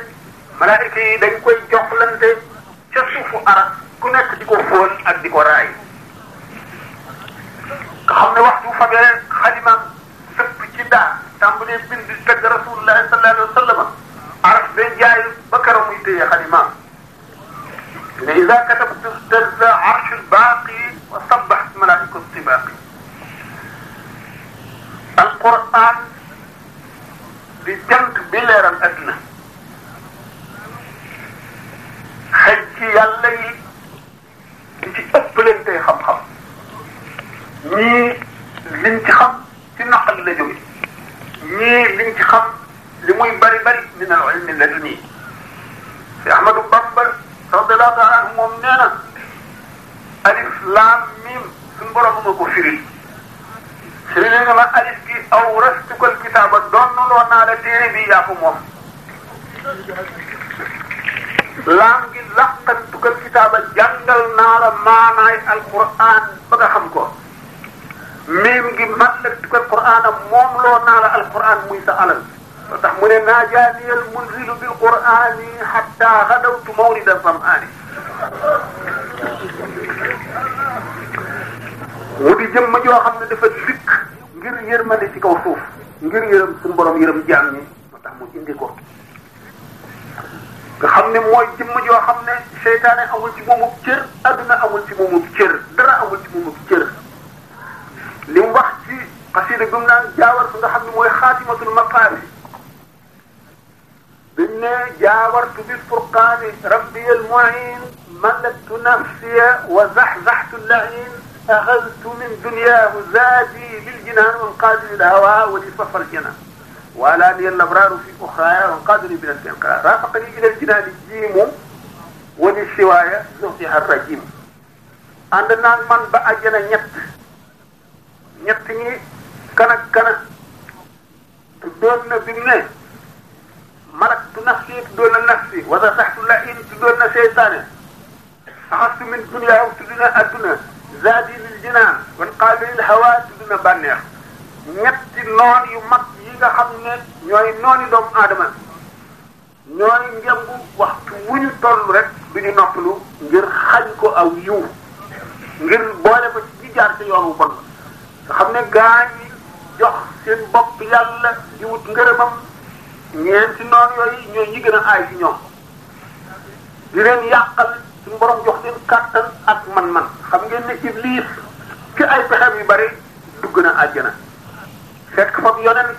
Speaker 2: malaayika yi dañ koy joxlante ca suufu aras ku nekk di ko fóon ak di ko raay nga xam ne waxtu fagee xalimaam sëpp ci daa tàmbalee bind tëgg rasulullahi sallallahu alayhi wa sallam aras day jaay ba keroog muy téye xalimaam ne ida katabtu tazza arshul baaqi wa sabbax malaayika sibaqi alquran di jant bi leeral adduna xëj ci yàlla yi di ci ëppalantee xam-xam ñii liñ ci xam ci naqal la jóge li muy bari bari min al ilmi laduni fi Ahmadu Bamba radiyallahu anhu moom nee na alif laam miim suñu borom ma ko su ne na ma alif gi aw rastukal kitaaba donnaloo naa la téere bi yaa ko moom laam gi laqantukal kitaaba jàngal naa la maanaay alquran ba nga xam ko miim gi mallaktukal qur'aan moom loo naa la alquran muy sa alal ndax mu ne naajaaniyal munzilu bil qur'aani xatta xadawtu mawrida sam'aani mu di jëmm joo xam ne dafa dik ngir yërmande ci kaw suuf ngir yërëm suñu borom yërëm jaam ñi moo tax mu indi ko nga xam ne mooy jëmm joo xam ne seytaane amul ci moomu cër adduna amul ci moomu cër dara amul ci moomu cër li mu wax ci xasida gum naan jaawar su nga xam ne mooy xaatimatul maqaari dañ ne jaawartu bi furqaani rabbi al muin malaktu nafsiya wa zaxzaxtu lain أخذت من دنياه زادي للجنان والقادر الهوى ولي صف الجنان والاني الابرار في اخرايا والقادر من الاستنقاذ رافقني الى الجنان الجيم ولي السوايا زهدها الرجيم عندنا من بأجنا نيت ñett ñi kana kana tuddoon na bi mu ne malaktu nafsi tuddoon na nafsi wa saxtu la in tuddoon na seytaane axastu min dunya tuddoon na adduna zaadi lil jinaan wan qaalu lil hawa tudduna bànneex ñetti noon yu mag yi nga xam ne ñooy nooni doomu aadama ñooy ngembu waxtu wu ñu toll rek du ñu noppalu ngir xañ ko aw yiw ngir boole ko ci ci jaar ci yoon wu bon nga xam ne gaa yi jox seen bopp yàlla di wut ngërëmam ñeenti noon yooyu ñooy ñi gën a aay ci ñoom di leen yàqal suñu borom jox leen kàttan ak man-man xam ngeen ne iblis ci ay pexem yu bari dugg na àjjana fekk fab yonent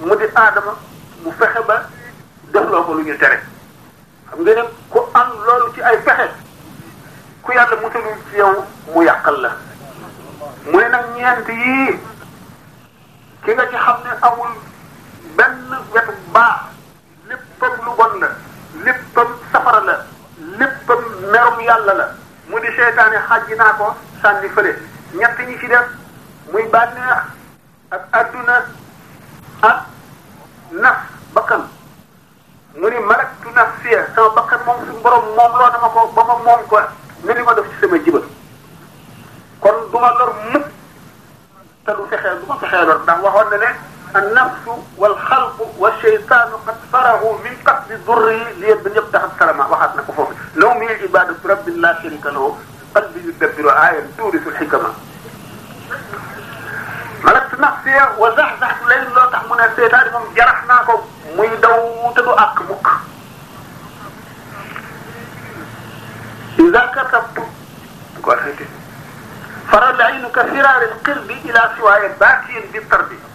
Speaker 2: mu di aadama mu fexe ba defloo ko lu ñu tere xam ngeen ne ku am loolu ci ay pexe ku yàlla musalul ci yow mu yàqal la mu ne nag ñeent yii ki nga ci xam ne amul benn wetu baax léppam lu bon la léppam safara la léppam merum yàlla la mu di seytaane xàjj naa ko sànni fële ñett ñi ci def muy bànneex ak adduna ak naf bakkan mu ni malaktu nafsiya sama bakkan moom suñu borom moom loo dama ko ba ma moom ko ne li ma def ci sama jibal kon du ma lor mukk te du fexee du ma fexee lor ndax waxoon na ne النفس والخلق والشيطان قد فرغوا من قتل ضره ليبني تحت سلمة وحاتنا كفوف نوم العبادة رب لا شريك له قلبي يدبر آية تورث الحكمة ملكت نفسي وزحزحت لين لو تحمنا الشيطان من جرحناكم ميدو تدو أكمك إذا كتبت فرد عينك فرار القرب إلى سواء باكين بالتربية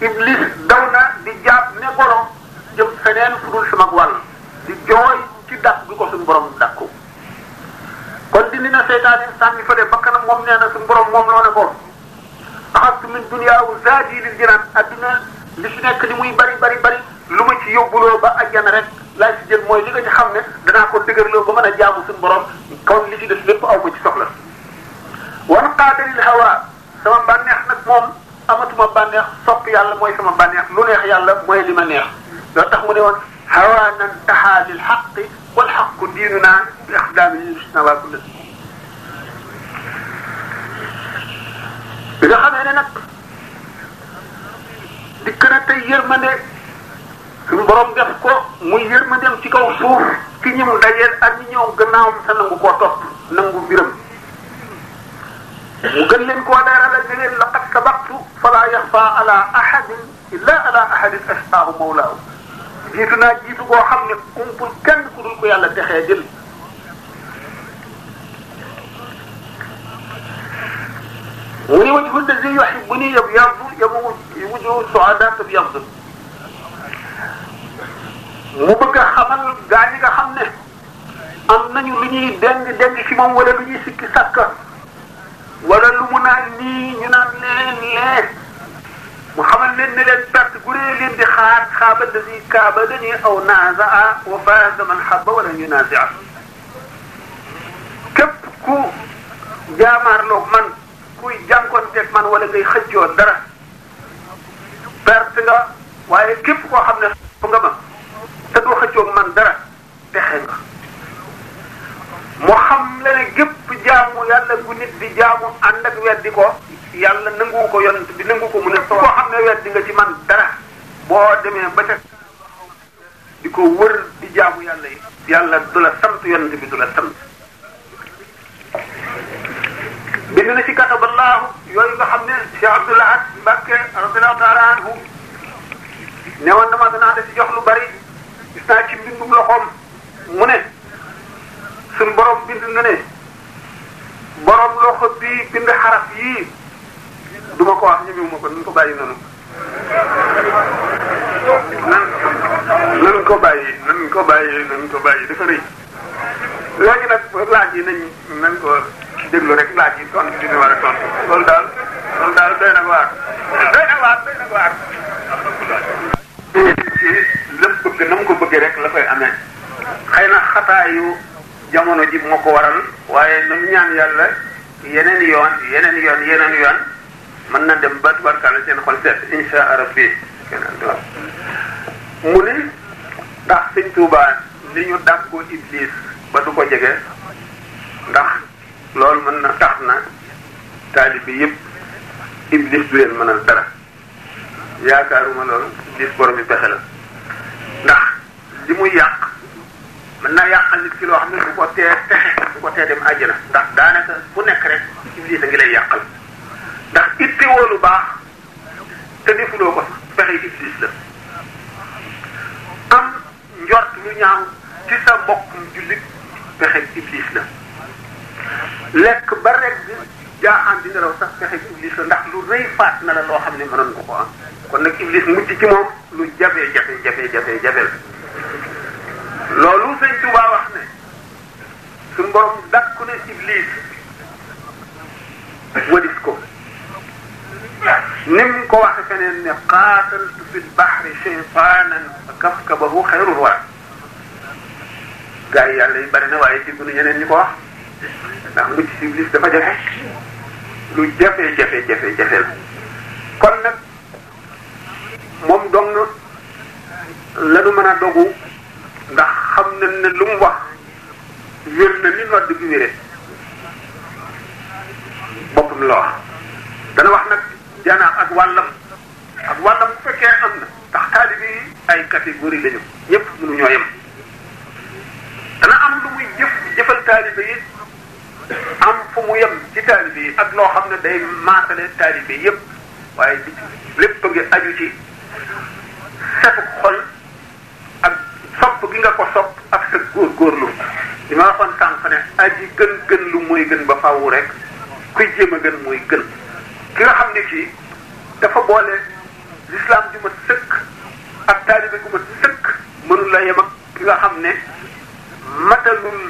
Speaker 2: iblis daw na di jàpp ne borom jëm feneen fu dul sama wàll di jooy ci dàq bi ko suñu borom dàqu kon na seytaane sànni fa de bakkanam moom nee na suñu borom moom loo ne ko axastu min dunyaawu zaadi lil jinaan adduna li fi nekk muy bari bari bari lu ma ci yóbbuloo ba ajjana rek laay si jël mooy li nga ci xam ne danaa ko dëgërloo ba mën a jaamu suñu borom kon li ci def lépp aw ko ci soxla wan qaada lil hawa sama bànneex nag moom amatuma bànneex sopp yàlla mooy sama bànneex mu neex yàlla mooy li ma neex loolu tax mu ne woon hawaanan tahaa lil xaqi wal xaqu diinunaa bi axdaami lil muslimin waa kulli bi nga xamee ne nag di gën a tey ko suñu borom ma ko muy ci kaw suuf ki ñi mu dajeel ak ñi ñëw gannaawam te nangu koo topp nangu mbiram mu gën leen koo leeralal ne leen laqad sabaqtu fala yaxfa ala ahadin illa ala ahadin ashqaahu mawlaahu jiitu naa jiitu koo xam ne kumpul kenn ku dul ko yàlla texee jël mu ni wajhu allazi yuhibbuni yabyaddu wajhu su'adaa tabyaddu mu bëgg a xamal gaa ñi nga xam ne am nañu lu ñuy deng deng ci moom wala lu ñuy sikki sàkka wala lu mu naan nii ñu naan leen lee mu xamal leen ne leen perte gu rëy leen di xaar xaaba dasi kaaba dañuy aw naasaa wa faaza man xabba wala ñu naasia képp ku jaamaarloog man kuy jànkoonteeg man wala ngay xëccoo dara perte nga waaye képp koo xam ne fu ma te doo xëccoog man dara texe nga mu xam la ne gépp jaamu yàlla gu di jaamu ànd ak weddi ko yàlla nangu ko bi nangu ko mu ne soo xam ne weddi nga ci man dara boo demee ba ca ko wër di yàlla yi bi du ci kataballahu yooyu nga xam ne Cheikh Abdoulaye At Mbacke radiallahu taala anhu ne woon dama danaa da si jox lu bari gis naa ci mbindum loxoom mu ne suñ borom bind na ne borom loxo bii bind xaraf yii du ma ko wax ñëwuma ko nañ ko bàyyi noonu. nan nan ko bàyyi nan ko bàyyi nan ko bàyyi dafa rëy léegi nag laaj yi nañ nañ ko déglu rek laaj yi tontu li ñu war a tontu loolu daal loolu daal doy na waar doy na waar doy na waar. lépp bëgg na mu ko bëggee rek la koy amee xëy na xataa yu. jamono ji moo ko waral waaye nu ñaan yàlla yeneen yoon yeneen yoon yeneen yoon mën na dem ba tubarkalla seen xol seet insha rabbi mu ni ndax sëñ Tuubaa li ñu dàq ko ba du ko jege ndax loolu mën na tax na taalib bi yëpp iblis du leen mënal dara yaakaaruma loolu iblis borom yi pexe la ndax li mu yàq mën naa yàqal nit ki loo xam ne du ko tee texe du ko tee dem àjjana ndax daanaka ku nekk rek iblis a ngi lay yàqal ndax itti woo baax te defuloo ko sax pexe iblis la am njort lu ñaaw ci sa mbokkum jullit pexe iblis la lekk ba rek jaaxaan di nelaw sax pexe iblis la ndax lu rëy faat na la loo xam ne mënoon nga ko am kon nag iblis mujj ci moom lu jafe jafe jafe jafe jafe la loolu sëñ Tuba wax ne suñ borom dàkku ne iblis wadis ko nim ko waxe feneen ne qaataltu fi lbahri cheytanan fa kafkabahu xayrul wara gars yàlla yi bari na waaye dégg na ñeneen ñi ko wax ndax mucc si dafa jafe lu jafe jafe jafe la kon nag moom dong na la mën a dogu ndax xam nañ ne lu mu wax wér na ni nodd bi wéree boppam la wax dana wax nag jaanaam ak wàllam ak wàllam bu fekkee am na ndax taalibe ay catégorie lañu ñëpp mënu ñoo yem dana am lu muy jëf jëfal taalibe yi am fu mu yem ci taalibe yi ak loo xam ne day maasale taalibe yëpp waaye lépp a ngi aju ci setu xol sopp gi nga ko sopp ak góor góorlu li ma waxoon sànq ne aji gën gën lu mooy gën ba fawu rek kuy jéem a gën mooy gën ki nga xam ne kii dafa boole l'islam ju ma sëkk ak taalibe gu sëkk mënul la ki nga xam ne matalul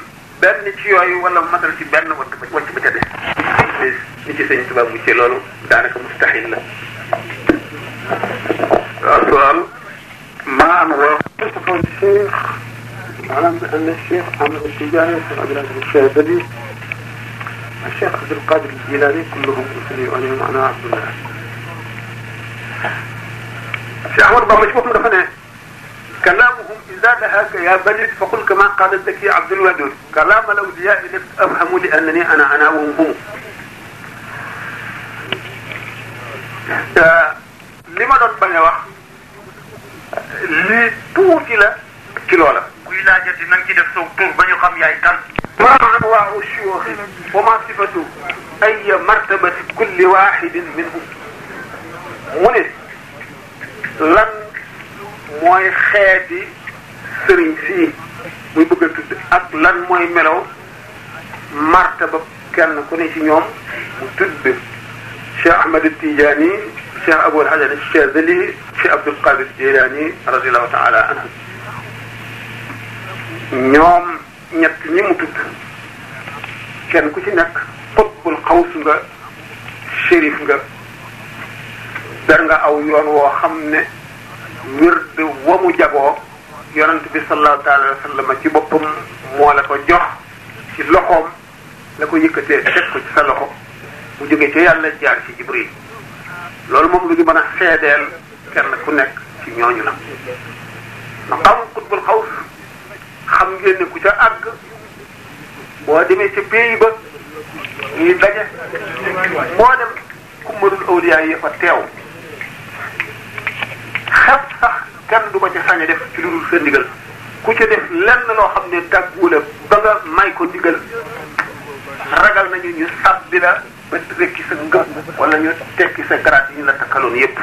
Speaker 2: benn ci yooyu wala matal ci benn wàcc ba ca des. ni ci sëñ tubaab bu loolu daanaka mustaxil la. waaw ما هو تلتقي الشيخ
Speaker 3: عام أن الشيخ عمرو التجاري الشيخ عبد العزيز الشاذلي الشيخ عبد القادر الجيلاني كلهم أثني عليهم أنا عبد الله
Speaker 2: الشيخ أحمد بن مشوق من كلامهم إذا دهاك يا بني فقل كما قال الزكي عبد الودود كلام الأودياء لست أفهم لأنني أنا أنا وهم هم لما دون بني وقت lii tuuti la ci loola. kuy laajati na nga ci def saw tur ba ñu xam yaay kan. maanaam waaw suyooxi wa ma sifatu ay martabati kulli waxidin minhum mu ne lan mooy xeeti sëriñ sii muy bëgg a tudd ak lan mooy melow martaba kenn ku ne ci ñoom mu tudd Cheikh Ahmed Tidiane. Cheikh Abul Hasan Chadili fi Abdul Qadir Jilani radiyallahu taala anhu ñoom ñett ñi mu tudd kenn ku ci nekk xutbul xaws nga shérif nga ber nga aw yoon woo xam ne wird wa mu jagoo yonent bi sallallahu taala wa sallam ci boppam moo la ko jox ci loxoom la ko yëkkatee teg ko ci sa loxo mu jógee ca yàlla jaar ci Jibril loolu moom lu ñu mën a seedeel kenn ku nekk ci ñooñu la ma xam xutbul xaws xam ngeen ne ku ca àgg boo demee ca pays ba ñuy daje moo dem kummadul awliya yi fa teew xet sax kenn du ko ca sañ def ci lu dul seen ndigal ku ca def lenn loo xam ne dàggula ba nga may ko ndigal ragal nañu ñu sàbbi la ba wekki sa ngëm wala ñu tekki sa garaat yi ñu la takkaloon yépp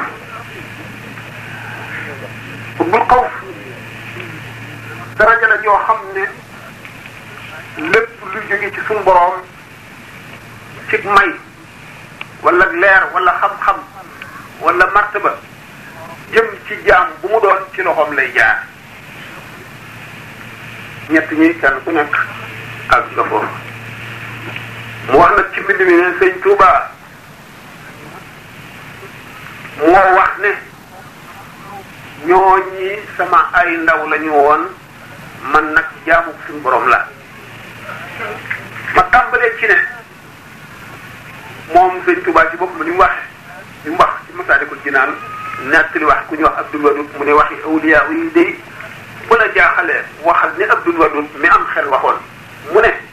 Speaker 2: xutbul xawf daraja la joo xam ne lépp lu jóge ci suñu boroom ci may wala leer walla xam-xam wala martaba jëm ci jaam bu mu doon ci loxoom lay jaar ñett ñi kenn ku nekk ak nga foofu mu wax nag ci mbind mi ne sëñ Touba moo wax ne ñoo sama ay ndaw lañu woon man nag jaamu suñu boroom la ma tàmbalee ci ne moom sëñ Touba ci boppam li mu wax li mu wax ci Masaalikul Jinaan nettali wax ku ñu wax Abdul Wadud mu ne waxi awliya yi day bu la jaaxalee waxal ne Abdul Wadud mi am xel waxoon mu ne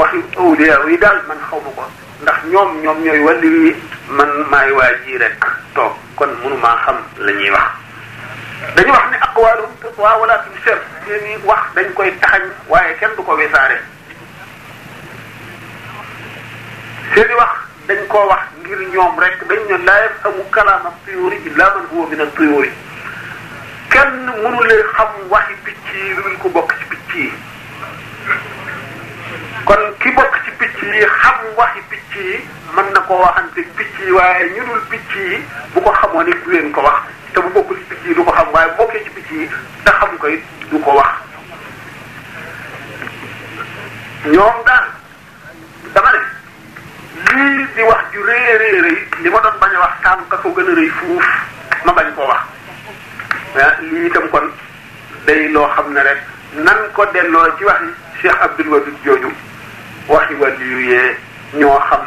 Speaker 2: waxi awliya yi daal man xaw ma ko ndax ñoom ñoom ñooy wàlli man maay waa ji rek toog kon mënumaa xam la ñuy wax dañu wax ni aqwaalum tutwa wala wax dañ koy taxañ waaye kenn du ko wesaare seeni wax dañ koo wax ngir ñoom rek dañ ne laa yafhamu kalaama tuyuuri illa man huwa min tuyuuri kenn mënu leen xam waxi picc yi lu ko bokk ci picc yi kon ki bokk ci picc yi xam waxi picc yi man na koo waxante picc yi waaye ñu picc yi bu ko xamoon it du leen ko wax te bu bokkul ci picc yi du ko xam waaye bu bokkee ci picc yi te xam ko it du ko wax ñoom
Speaker 1: daal dama ne
Speaker 2: lii di wax ju rëy rëy rëy li ma doon bañ a wax sànq ka ko gën a rëy fuuf ma bañ koo wax ah lii itam kon day loo xam ne rek nan ko delloo ci wax yi Cheikh Abdul Wadud jooju waxi wàllu yee ñoo xam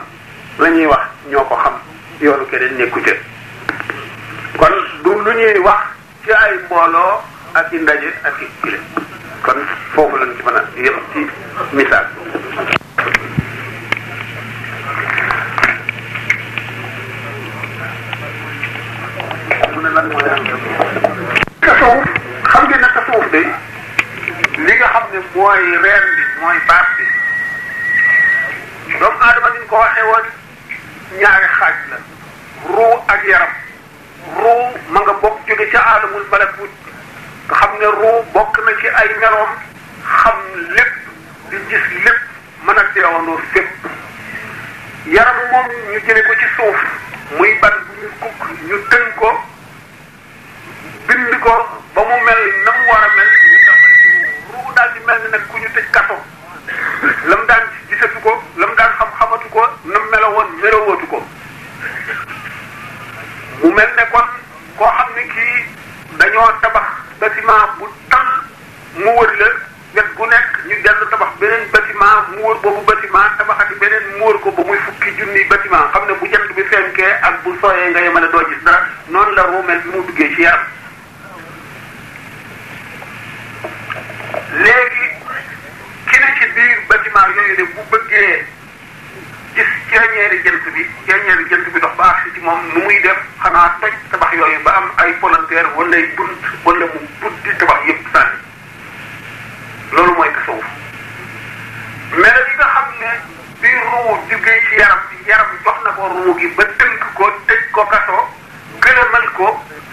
Speaker 2: la wax ñoo ko xam yoonu keneen nekku kon du lu ñuy wax ci ay mbooloo ak i ndaje ak i kile kon foofu lañ ci yem ci misaal tasawuf xam ngeen ne tasawuf day li nga xam ne mooy reer bi mooy baax bi doomu aadama ni ko waxee woon ñaari xaaj la ruu ak yaram ruu ma nga bokk jóge ca aalamul malakut nga xam ne ruu bokk na ci ay meloom xam lépp di gis lépp mën a teewandoo fépp yaram moom ñu jële ko ci suuf muy ban bu ñu kukk ñu tënk ko bind ko ba mu mel na mu war a mel ñu tax mel ne nag ku ñu tëj kaso lam daan gisatu ko nu melo woon wérawootu ko mu mel ne kon koo xam ne kii dañoo tabax bâtiment bu tan mu wër la wet gu nekk ñu dellu tabax beneen bâtiment mu wër boobu bâtiment tabaxati beneen mu wër ko ba muy fukki junni bâtiment xam ne bu jant bi fenkee ak bu sooyee nga yemale doo gis dara noonu la ruumeel bi mu duggee ci yaram léegi ki ne ci biir bâtiment yooyu de bu bëggee gis ceeñeeri jant bi ceeñeeri jant bi dox baax si ci moom nu muy def xanaa toj tabax yooyu ba am ay volontaire wala ay bunt wala mu buddi tabax yëpp sànni loolu mooy tasawuf melo yi nga xam ne bi ruu jugee ci yaram bi yaram jox na ko ruu gi ba tënk ko tëj ko kaso gëlëmal ko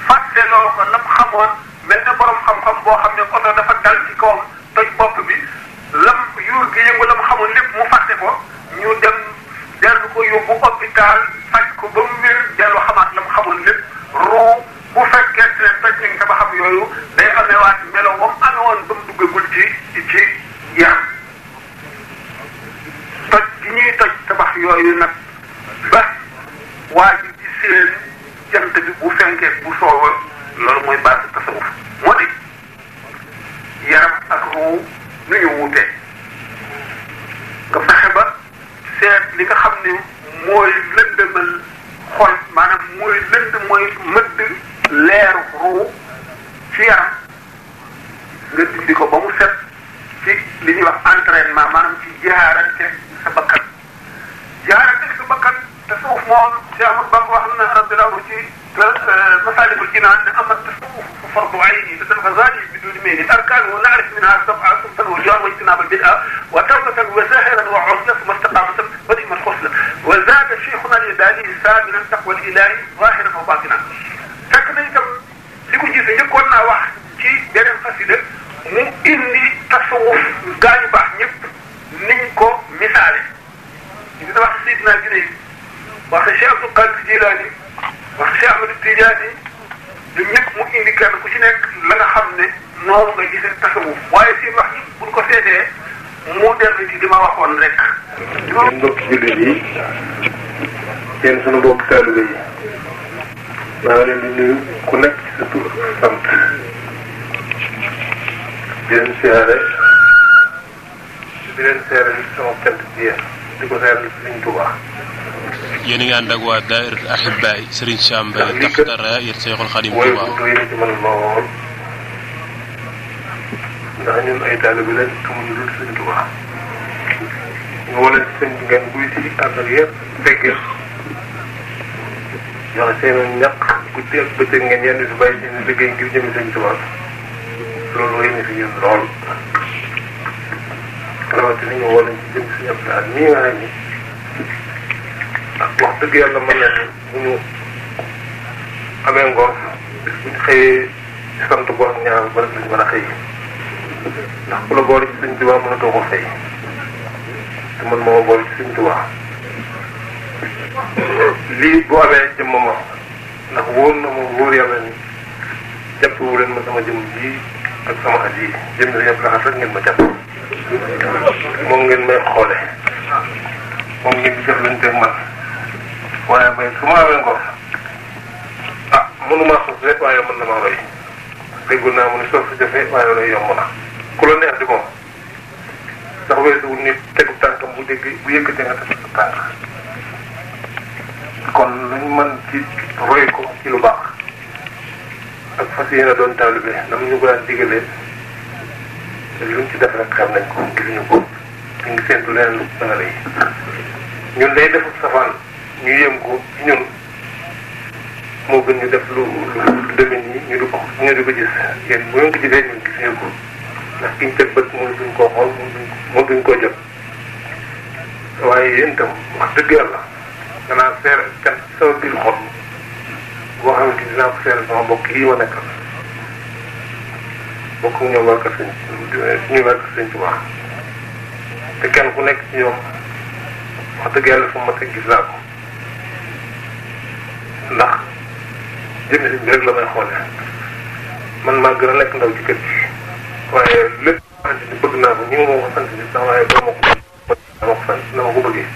Speaker 2: fàtteloo ko lam xamoon mel na borom xam-xam boo xam ne oto dafa dal ci kawam toj bopp bi lam yuur gi yëngu lam xamoon lépp mu fàtte ko ñu dem dellu ko yóbbu hôpital faj ko ba mu wér dellu xamaat la mu xamul lépp ruu bu fekkee seen toj nañ ko yooyu day amewaat melo wam amewoon ba mu duggagul ci ci yaram toj gi ñuy toj tabax yooyu nag ba waa ji seen jant bi bu fenkee bu soowa loolu mooy base tasawuf moo di yaram ak ruu nu ñu wutee nga fexe ba seet li nga xam ne mooy lëndëmal xol maanaam mëdd leeru ruu ci yaram nga dindi ko ba set ci li ñuy wax entraînement maanaam ci jaarante sa bakkan jaarante sa bakkan te suuf moom si amul ba wax na radiyallahu ci مسالك الجنان أما التصوف فرض عيني فالغزالي بدون ميل الأركان ونعرف منها سبعة صنفا وجار واجتناب البدعة وتوبة وساهرا وعزلة ثم استقامة ودئم الخصلة وزاد شيخنا لذلك ثامنا تقوى الإله ظاهرا وباطنا fekk na itam li ko jiite njëkkoon naa wax ci beneen fasila mu indi tasawuf gaañu baax ñëpp niñ ko misaale. li nga wax Seydina Guèye wax Cheikh Abdou Qadir Jilani wax Cheikh Ahmad Tidiane ñun ñëpp mu indi kenn ku ci nekk la nga xam ne noonu nga gisee tasawuf waaye si wax ji buñ ko seetee mu dellu ci li ma waxoon rek. yéen mbokki jullit yi
Speaker 3: yéen sunu mbokki taalibe yi. maa ngi leen di nuyu ku nekk ci sa tur sant di leen siyaare di leen siyaare li sama cant ci yéen di ko seeral Sëriñ Tuubaa yéen a ngi ànd ak waa Daahira Ahibaay Serigne Sam Mbaye Tahta Raaya Seexul Xadim Touba. ndax ñun ay taalibe lañ tumuñu lu Sëriñ Touba. ñu wala sëñ ngeen buy si ànd ak yëpp fekkee joxe seen si bàyyi seen loolu wéy na si lool. rawatina ñu wala ñu jëm si ñëpp daal nii nga xam ni. ndax wax dëgg yàlla mën nañu bu ñu amee ngor bis bu xëyee sant boor ñaar ba duñ mën a xëy ndax ku la boole ci suñ tubaa mënatoo ko fay te man moo boole ci suñ tubaa lii bu amee jëmm ma ndax wóor na ma wóor yàlla ni jàpp wu ma sama jëm ji ak sama at jëm la yëpp laxas rek ngeen ma jàpp moom ngeen may xoole moom ngeen di jëflante ak man waaye bay su ma amee ngor ah mënuma sos rek mën na maa roy déggul naa mu ne soo fi defee waaye roy yomb na ku la neex di moom ndax weesuwul nit tegu tànkam bu dégg bu yëkkatee nga tegu sa tànk kon lañ mën ci roy ko ci lu baax ak fas yéene doon taalibe dama ñu ko daan digalee te luñ ci def rek xam nañ ko gisuñu ko te ngi séntu leneen lu dara yi ñun day defut safaan ñu yëngu ci ñun moo gën ñu def lu lu demee nii ñu du ko ñu du ko gis yéen bu ngeen ko gisee ñun ñu ko ndax ki ñu bët moom duñ koo xool moom duñ moom duñ jot waaye yéen wax dëgg yàlla danaa seer kan sama biir xol boo xamante ni dinaa ko seer sama mbokk yi ma nekkal bokk ñoom waa Kër ñu waa Kër Sëñ Tuubaa te kenn ku nekk ci ñoom wax dëgg yàlla fu ma teg gis naa ko ndax jënd sëñ bi rek la may xoolee man maa gën a nekk ndaw ci waaye lépp loo xamante ni bëgg naa ko ñi ma ko sant bi sax waaye doo ma ko ko sant bëggee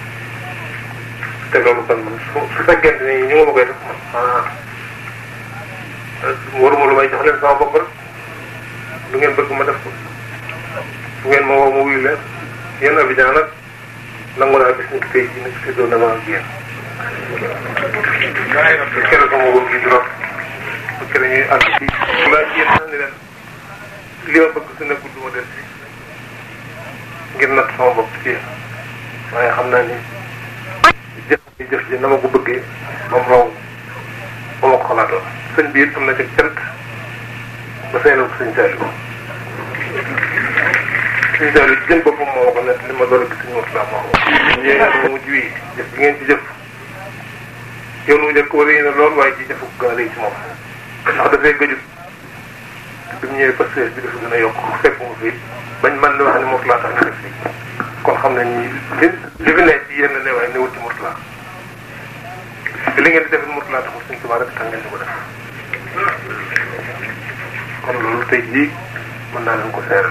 Speaker 3: te loolu kon man su su fekkente ni ñu ma ma koy def ah waruma lu may jox leen sama bopp rek lu ngeen bëgg ma def ko bu ngeen ma woo ma wuyu leen yéen Abidjan nag nangu naa bis ñu ko tey jii nag séddoo na ma ak kenn ko moom gi juróom parce que dañuy ànd ci ma yéen naa ne leen li ma bëgg su nekkul du ma del si ngir natt sama bopp ci waaye xam naa ni jëf ji jëf ji na ma moom raw ba ma ko xalaatoon sëñ bi it am ba seenal ko sëñ Saliou sëñ Saliou jën jëf bi ngeen ci jëf. yoon wu njëkk wala na lool waaye ji dafa gën a rëy ndax dafay gëjut bi mu ñëwee pasteur bi dafa gën a yokk bañ man li wax ne kon xam nañ ni li li fi nekk ci yenn ne waaye newul ci Mourtala li ngeen di def Mourtala taxul suñ tubaab rek tax ngeen di ko def kon loolu tey jii mën naa leen ko seer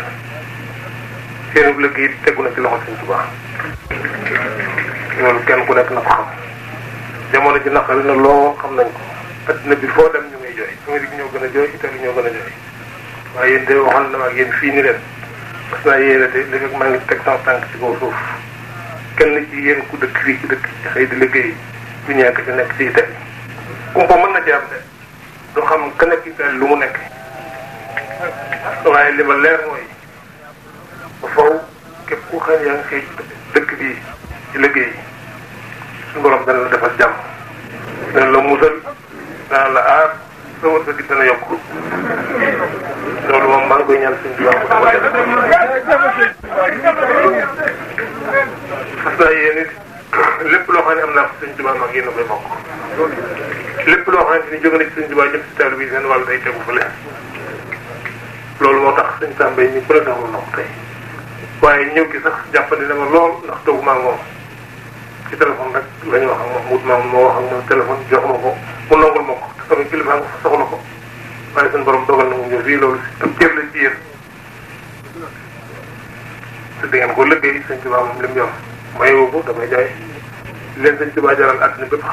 Speaker 3: seen liggéey tegu na ci loxo suñ tubaab loolu kenn ku nekk na ko xam. jamono ji naqari na loo xam nañ ko addina bi foo dem ñu ngay jooy Amérique ñoo gën a jooy Italie ñoo gën a jooy waaye yéen de waxal na ma ak yéen fii ni leen parce que yéen a de li fekk maa ngi teg sama tànk ci kaw suuf xëy di liggéey du ñàkk ci nekk ci Italie kumpa mën na ci am de du xam ka nekk lu mu nekk waaye li ma leer mooy faw képp ku xam yaa xëy dëkk bii ci liggéey suñu borom dana la defal jàmm dana la musal dana la aar sa wërsëg gi loolu moom maa ngi koy ñaan suñu diwaan ko fas naa yéen it lépp loo xam ko a lépp loo xam loolu moo tax suñu tàmbay ñu bëri na ko sax jàppandi na ma ndax taw maa ci téléphone rek la ñu wax ak moom wut ma moo wax ak moom téléphone jox ma ko mu nangul ma ko te sama kilifa soxla ko waaye suñu borom dogal na ñëw fii loolu si tam cër la ci yéen
Speaker 1: da ngeen ko lëggéey sëñ Tuba moom li mu yor mayewu ko damay jaay leen sëñ Tuba jaral àddina bépp